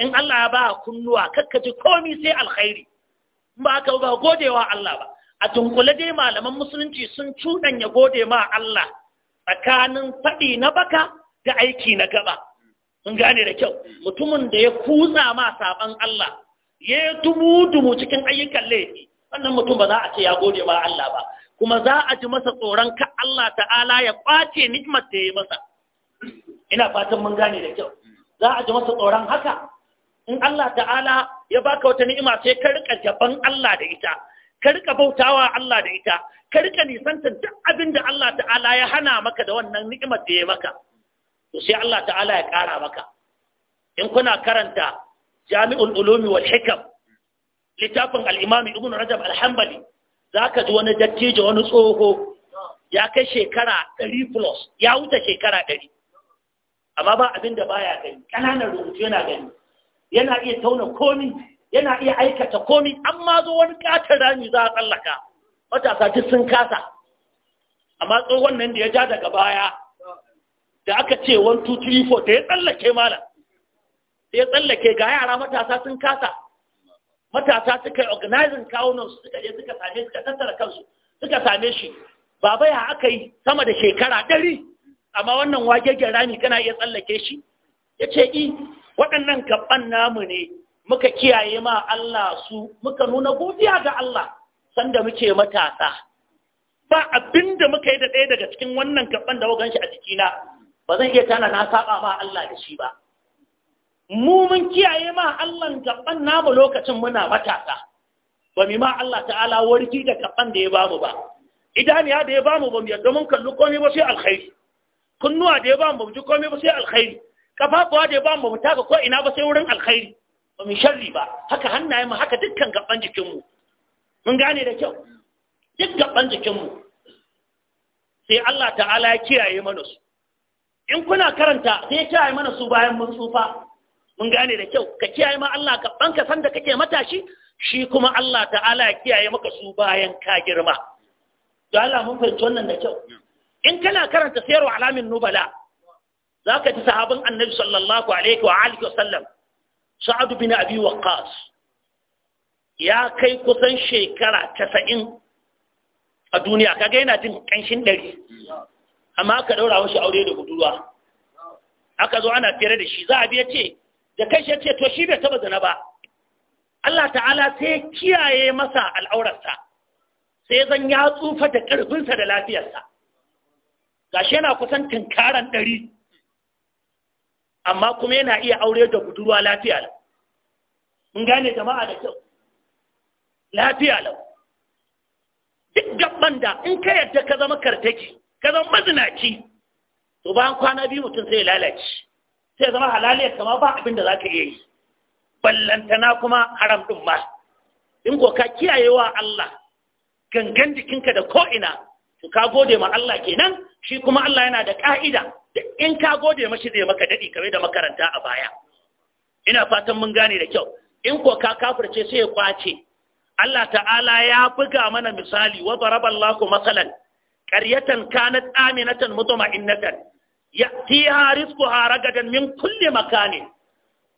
in Allah ya ba kunnuwa kakkaci komi sai alkhairi in ba ka ba godewa Allah ba a tunkule dai malaman musulunci sun ya gode ma Allah tsakanin faɗi na baka da aiki na gaba in gane da kyau mutumin da ya kutsa ma saban Allah ya dumu dumu cikin ayyukan laifi wannan mutum ba za a ce ya gode ma Allah ba kuma za a ji masa tsoron ka Allah ta'ala ya kwace nikmat da ya yi masa ina fatan mun gane da kyau za a ji masa tsoron haka in Allah ta'ala ya baka wata ni'ima sai ka rika jaban Allah da ita ka rika bautawa Allah da ita ka rika nisanta duk abin da Allah ta'ala ya hana maka da wannan ni'imar da ya maka to sai Allah ta'ala ya kara maka in kuna karanta jami'ul ulumi wal hikam littafin al-imam ibn rajab al-hanbali zaka ji wani dattijo wani tsoho ya kai shekara 100 plus ya wuce shekara 100 amma ba abin da baya gani ƙananan rubutu yana gani yana iya tauna komi yana iya aikata komi amma zo wani katon rami za a tsallaka matasa duk sun kasa amma tsohon nan da ya ja daga baya da aka ce 1234 2 da ya tsallake malam da ya tsallake ga yara matasa sun kasa matasa suka yi organizing kawunan su suka je suka same suka tattara kansu suka same shi baba ya aka yi sama da shekara ɗari amma wannan wagegen rami kana iya tsallake shi ya ce i waɗannan gaban namu ne muka kiyaye ma Allah su muka nuna godiya ga Allah sanda muke matasa ba abin da muka yi da ɗaya daga cikin wannan gaban da wagan shi a jikina ba zan iya tana na saba ma Allah da shi ba mu mun kiyaye ma Allah gaban namu lokacin muna matasa ba mi ma Allah ta'ala warki da gaban da ya bamu ba ya da ya bamu ba mu yadda mun kalli komai ba sai alkhairi kunnuwa da ya ba mu ji komai ba sai alkhairi kafafuwa da ya ba mu taka ko ina ba sai wurin alkhairi ba mu sharri ba haka hannaye mu haka dukkan gaban jikin mu mun gane da kyau duk gaban jikin mu sai Allah ta'ala ya kiyaye mana su in kuna karanta sai ya kiyaye mana su bayan mun tsufa mun gane da kyau ka kiyaye ma Allah ka sanda kake matashi shi kuma Allah ta'ala ya kiyaye maka su bayan ka girma to Allah mun fahimci wannan da kyau in kana karanta sayar wa alamin nubala za ka ji sahabin annabi sallallahu alaihi wa alihi sallam sa'adu bin abi waqas ya kai kusan shekara casa'in a duniya kaga yana jin kanshin ɗari amma aka ɗaura mashi aure da budurwa aka zo ana fere da shi za a biya ce da kai shi ce to shi bai taba zina ba Allah ta'ala sai kiyaye masa al'aurarsa sai zan ya tsufa da ƙarfinsa da lafiyarsa gashi yana kusan tinkaran ɗari amma kuma yana iya aure da budurwa lafiya lau mun gane jama'a da kyau lafiya lau duk gaban da in ka yadda ka zama kartaki ka zama mazinaci to bayan kwana biyu mutum sai lalace sai zama halaliyar kama ba abin da za ka iya yi ballantana kuma haram ɗin ma in ko ka kiyayewa Allah gangan jikinka da ko'ina to ka gode ma Allah kenan shi kuma Allah yana da ka'ida da in ka gode mashi zai maka dadi kare da makaranta a baya ina fatan mun gane da kyau in ko ka kafirce sai ya kwace Allah ta'ala ya buga mana misali wa daraballahu masalan qaryatan kanat aminatan mutma'innatan ya'tiha rizquha ragadan min kulli makani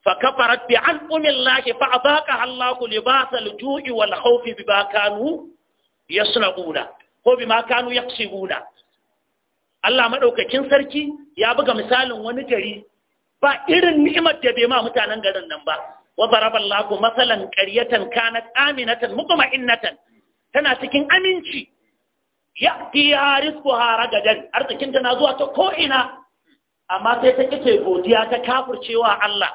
فكفرت بأنعم الله فأذاقها الله لباس الجوع والخوف بما كانوا يصنعون ko bima kanu yaqsibuna Allah madaukakin sarki ya buga misalin wani gari ba irin ni'imar da bai ma mutanen garin nan ba wa daraballahu masalan qaryatan kanat aminatan innatan tana cikin aminci ya risku rizquha ragadan arzikin tana zuwa ta ko ina amma sai ta kice godiya ta kafurcewa Allah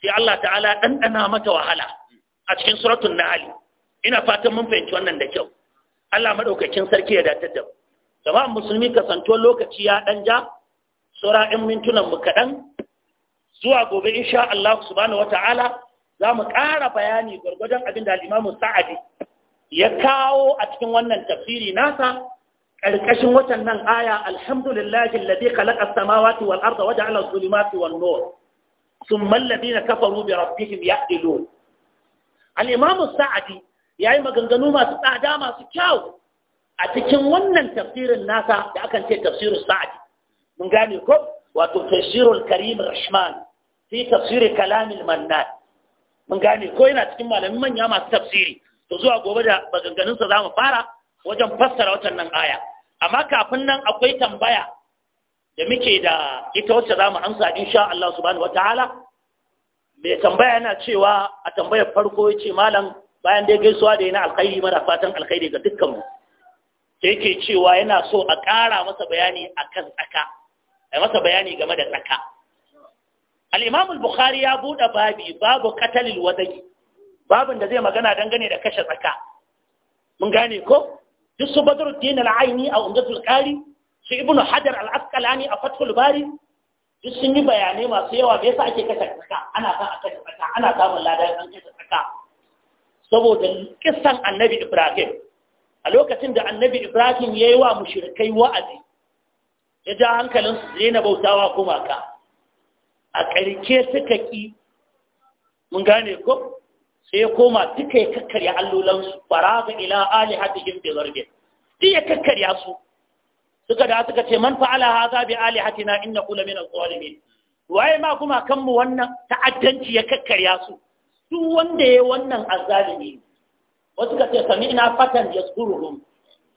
sai Allah ta'ala dandana mata wahala a cikin suratul nahl ina fatan mun fahimci wannan da kyau Allah maɗaukakin sarki ya datar da mu musulmi kasantuwar lokaci ya ɗan ja saura ɗan mintunan mu kaɗan zuwa gobe insha Allah subhanahu ta'ala za mu ƙara bayani gwargwadon abin da al'imamu sa'adi ya kawo a cikin wannan tafsiri nasa ƙarƙashin watan nan aya alhamdulillah alladhi khalaqa as-samawati wal arda wa ja'ala adh-dhulumati wan nur thumma alladhina kafaru bi rabbihim ya'dilun al-imamu sa'adi ya yi maganganu masu tsada masu kyau a cikin wannan tafsirin nasa da akan ce tafsirin sa'adi mun gane ko wato tafsirin karim Rashman fi tafsirin kalamin mannan mun gane ko yana cikin malamin manya masu tafsiri to zuwa gobe da maganganunsa za mu fara wajen fassara watan nan aya amma kafin nan akwai tambaya da muke da ita wacce za mu amsa insha Allah subhanahu wataala mai tambaya yana cewa a tambayar farko ya ce malam bayan dai gaisuwa da yana alkhairi mara fatan alkhairi ga dukkanmu sai yake cewa yana so a ƙara masa bayani a kan tsaka a masa bayani game da tsaka al'imam bukhari ya buɗe babi babu katalil wadai babin da zai magana dangane da kashe tsaka mun gane ko duk su badruddin al'aini a umdatul qari su ibnu hajar al-asqalani a fathul bari duk sun yi bayanai masu yawa me yasa ake kashe tsaka ana san a kashe tsaka ana samun ladan an kashe tsaka saboda kisan annabi ibrahim a lokacin da annabi ibrahim ya yi wa mushirikai wa'azi ya ja hankalin su na bautawa ka, a ƙarke suka ƙi mun gane ko sai ya koma duka ya kakkarya allolansu bara ga ila ali hatihim bi zarge duk ya kakkarya su suka da suka ce man fa'ala za bi ali hatina innahu lamin al-zalimin waye ma kuma kanmu wannan ta'addanci ya kakkarya su duk wanda ya wannan azzalimi wasu ka ce sami ina fatan ya tsuruhun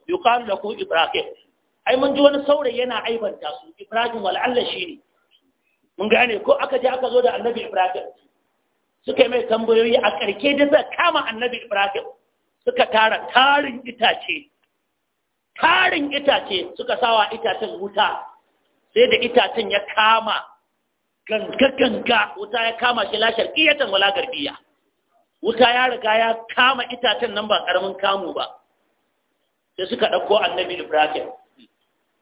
yukan da ku ibrahim ai mun ji wani saurayi yana aibanta su ibrahim wal'alla shi ne mun gane ko aka je aka zo da annabi ibrahim suka yi mai tambayoyi a karke da zai kama annabi ibrahim suka tara tarin itace tarin itace suka sawa itacen wuta sai da itacen ya kama ganga-ganga wuta ya kama shi lashar iyatan wala garbiya wuta ya riga ya kama itacen nan ba ƙaramin kamu ba sai suka ɗauko annabi ibrahim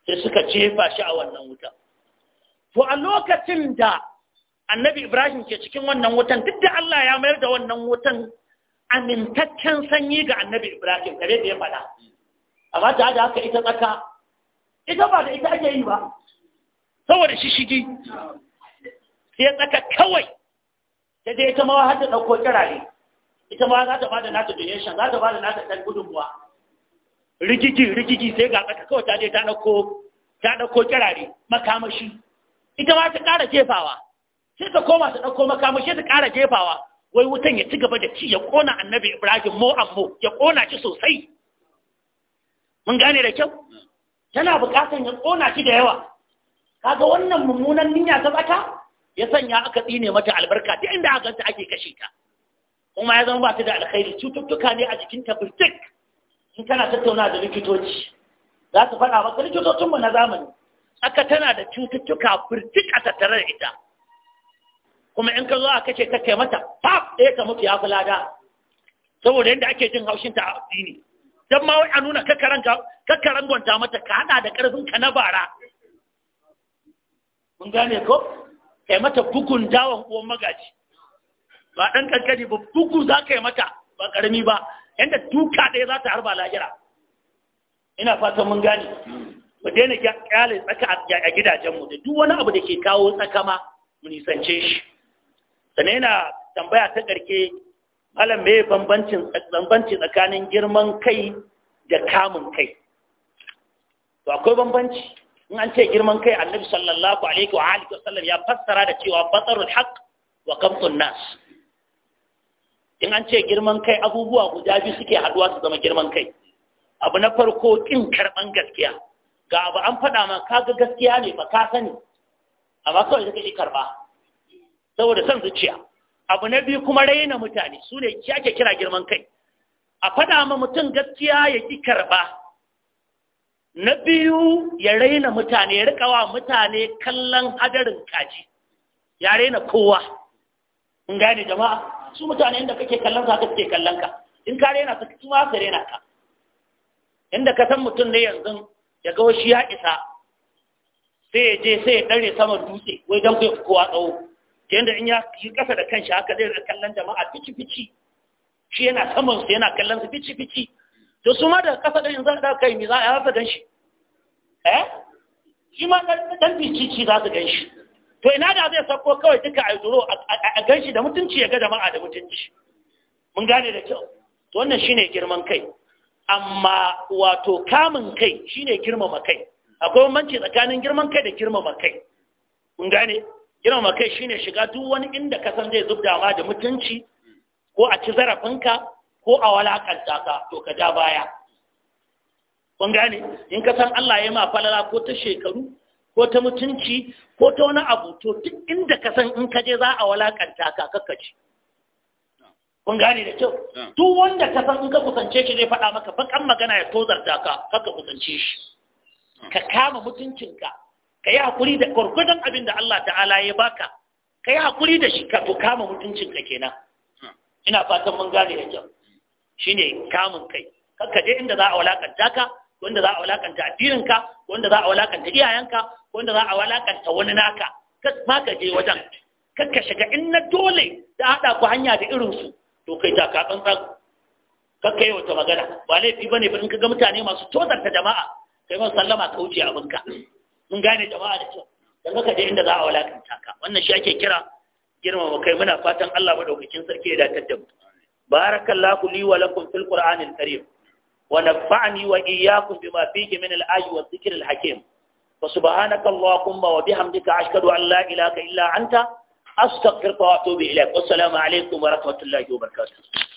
sai suka jefa shi a wannan wuta to a lokacin da annabi ibrahim ke cikin wannan wutan duk da allah ya mayar da wannan wutan amintaccen sanyi ga annabi ibrahim kare da ya faɗa amma ta da haka ita tsaka ita ba da ita ake yi ba saboda shi shigi sai tsaka kawai ta je ta mawa ɗauko kirare ita ma za ta bada nata donation za ta bada nata ɗan gudunmuwa rigigi rigigi sai ga tsaka kawai ta je ta ɗauko ta ɗauko kirare makamashi ita ma ta ƙara jefawa sai ta koma ta ɗauko makamashi ta ƙara jefawa wai wutan ya ci gaba da ci ya ƙona annabi ibrahim mo ammo ya ƙona shi sosai mun gane da kyau tana buƙatar ya ƙona shi da yawa kaga wannan mummunan niyya ta tsaka ya sanya aka tsine mata albarka duk inda aka ganta ake kashe ta kuma ya zama ba ta da alkhairi cututtuka ne a jikin tabbatik in kana tattauna da likitoci za su faɗa maka mu na zamani aka tana da cututtuka birtik a tattare da ita kuma in ka zo a kace ka kai mata pap ɗaya ka mutu ya fi lada saboda yadda ake jin haushin ta a addini don ma wai a nuna kakkaran gwanta mata ka hada da ƙarfin ka na bara mun gane ko kai mata bugun dawon uwan magaji ba ɗan ƙarƙari ba tuku za ka yi mata ba ƙarami ba yadda tuka ɗaya za ta harba lahira ina fatan mun gane mu daina ƙyale tsaka a gidajenmu da duk wani abu da ke kawo tsaka ma mu nisance shi sannan yana tambaya ta ƙarke malam me bambanci tsakanin girman kai da kamun kai to akwai bambanci in an ce girman kai annabi sallallahu alaihi wa alihi sallam ya fassara da cewa batarul haqq wa qamtun nas in an ce girman kai abubuwa guda biyu suke haduwa su zama girman kai abu na farko kin karban gaskiya ga abu an faɗa ma kaga gaskiya ne ba ka sani amma kawai suka yi karba saboda son zuciya abu na biyu kuma raina mutane su ne ki ake kira girman kai a faɗa ma mutum gaskiya ya ki karba na biyu ya raina mutane ya rika wa mutane kallon hadarin kaji ya raina kowa in gane jama'a su mutane inda kake kallon su haka suke kallon ka in ka rena su kuma su rena ka inda ka san mutum ne yanzu ya ga shi ya isa sai ya je sai ya dare sama dutse wai dan kai kowa tsawo inda in ya yi kasa da kanshi haka zai rika kallon jama'a fici fici shi yana saman su yana kallon su fici fici to su ma daga kasa ɗin za a kai mi za a yi haka gan shi eh shi ma ɗan fici ci za su gan shi to ina da zai sako kawai duka a zuro a ganshi da mutunci ya ga jama'a da mutunci mun gane da kyau to wannan shine girman kai amma wato kamun kai shine girmama kai akwai bambanci tsakanin girman kai da girmama kai mun gane girmama kai shine shiga duk wani inda ka san zai zubda ma da mutunci ko a ci zarafinka ko a walakanta ka to ka ja baya kun gane in ka san Allah ya ma falala ko ta shekaru ko ta mutunci ko ta wani abu to duk inda ka san in ka je za a walakanta ka kakkaci kun gane da kyau duk wanda ka san in ka kusance shi zai faɗa maka bakan magana ya tozarta ka kakka kusance shi ka kama mutuncinka ka yi hakuri da gwargwadon abin da Allah ta'ala ya baka ka yi hakuri da shi ka to kama mutuncinka kenan ina fatan mun gane da kyau shine kamun kai kakka je inda za a walakanta ka wanda za a walakanta addininka wanda za a walakanta iyayenka wanda za a walakanta wani naka ma ka je wajen kakka shiga in na dole da haɗa ku hanya da irinsu to kai ta ka tsantsan kakka yi wata magana ba laifi ba ne ba in ka ga mutane masu tozarta jama'a kai ma sallama ka wuce abinka mun gane jama'a da kyau dan ka je inda za a walakanta ka wannan shi ake kira girmama kai muna fatan Allah madaukakin sarki ya datar da mu barakallahu li wa lakum fil qur'anil karim wa nafa'ani wa iyyakum bima fihi min al-ayati wa dhikril hakim wa subhanaka allahumma wa bihamdika ashhadu an la ilaha illa anta astaghfiruka wa atubu ilaik wassalamu alaikum wa rahmatullahi wa barakatuh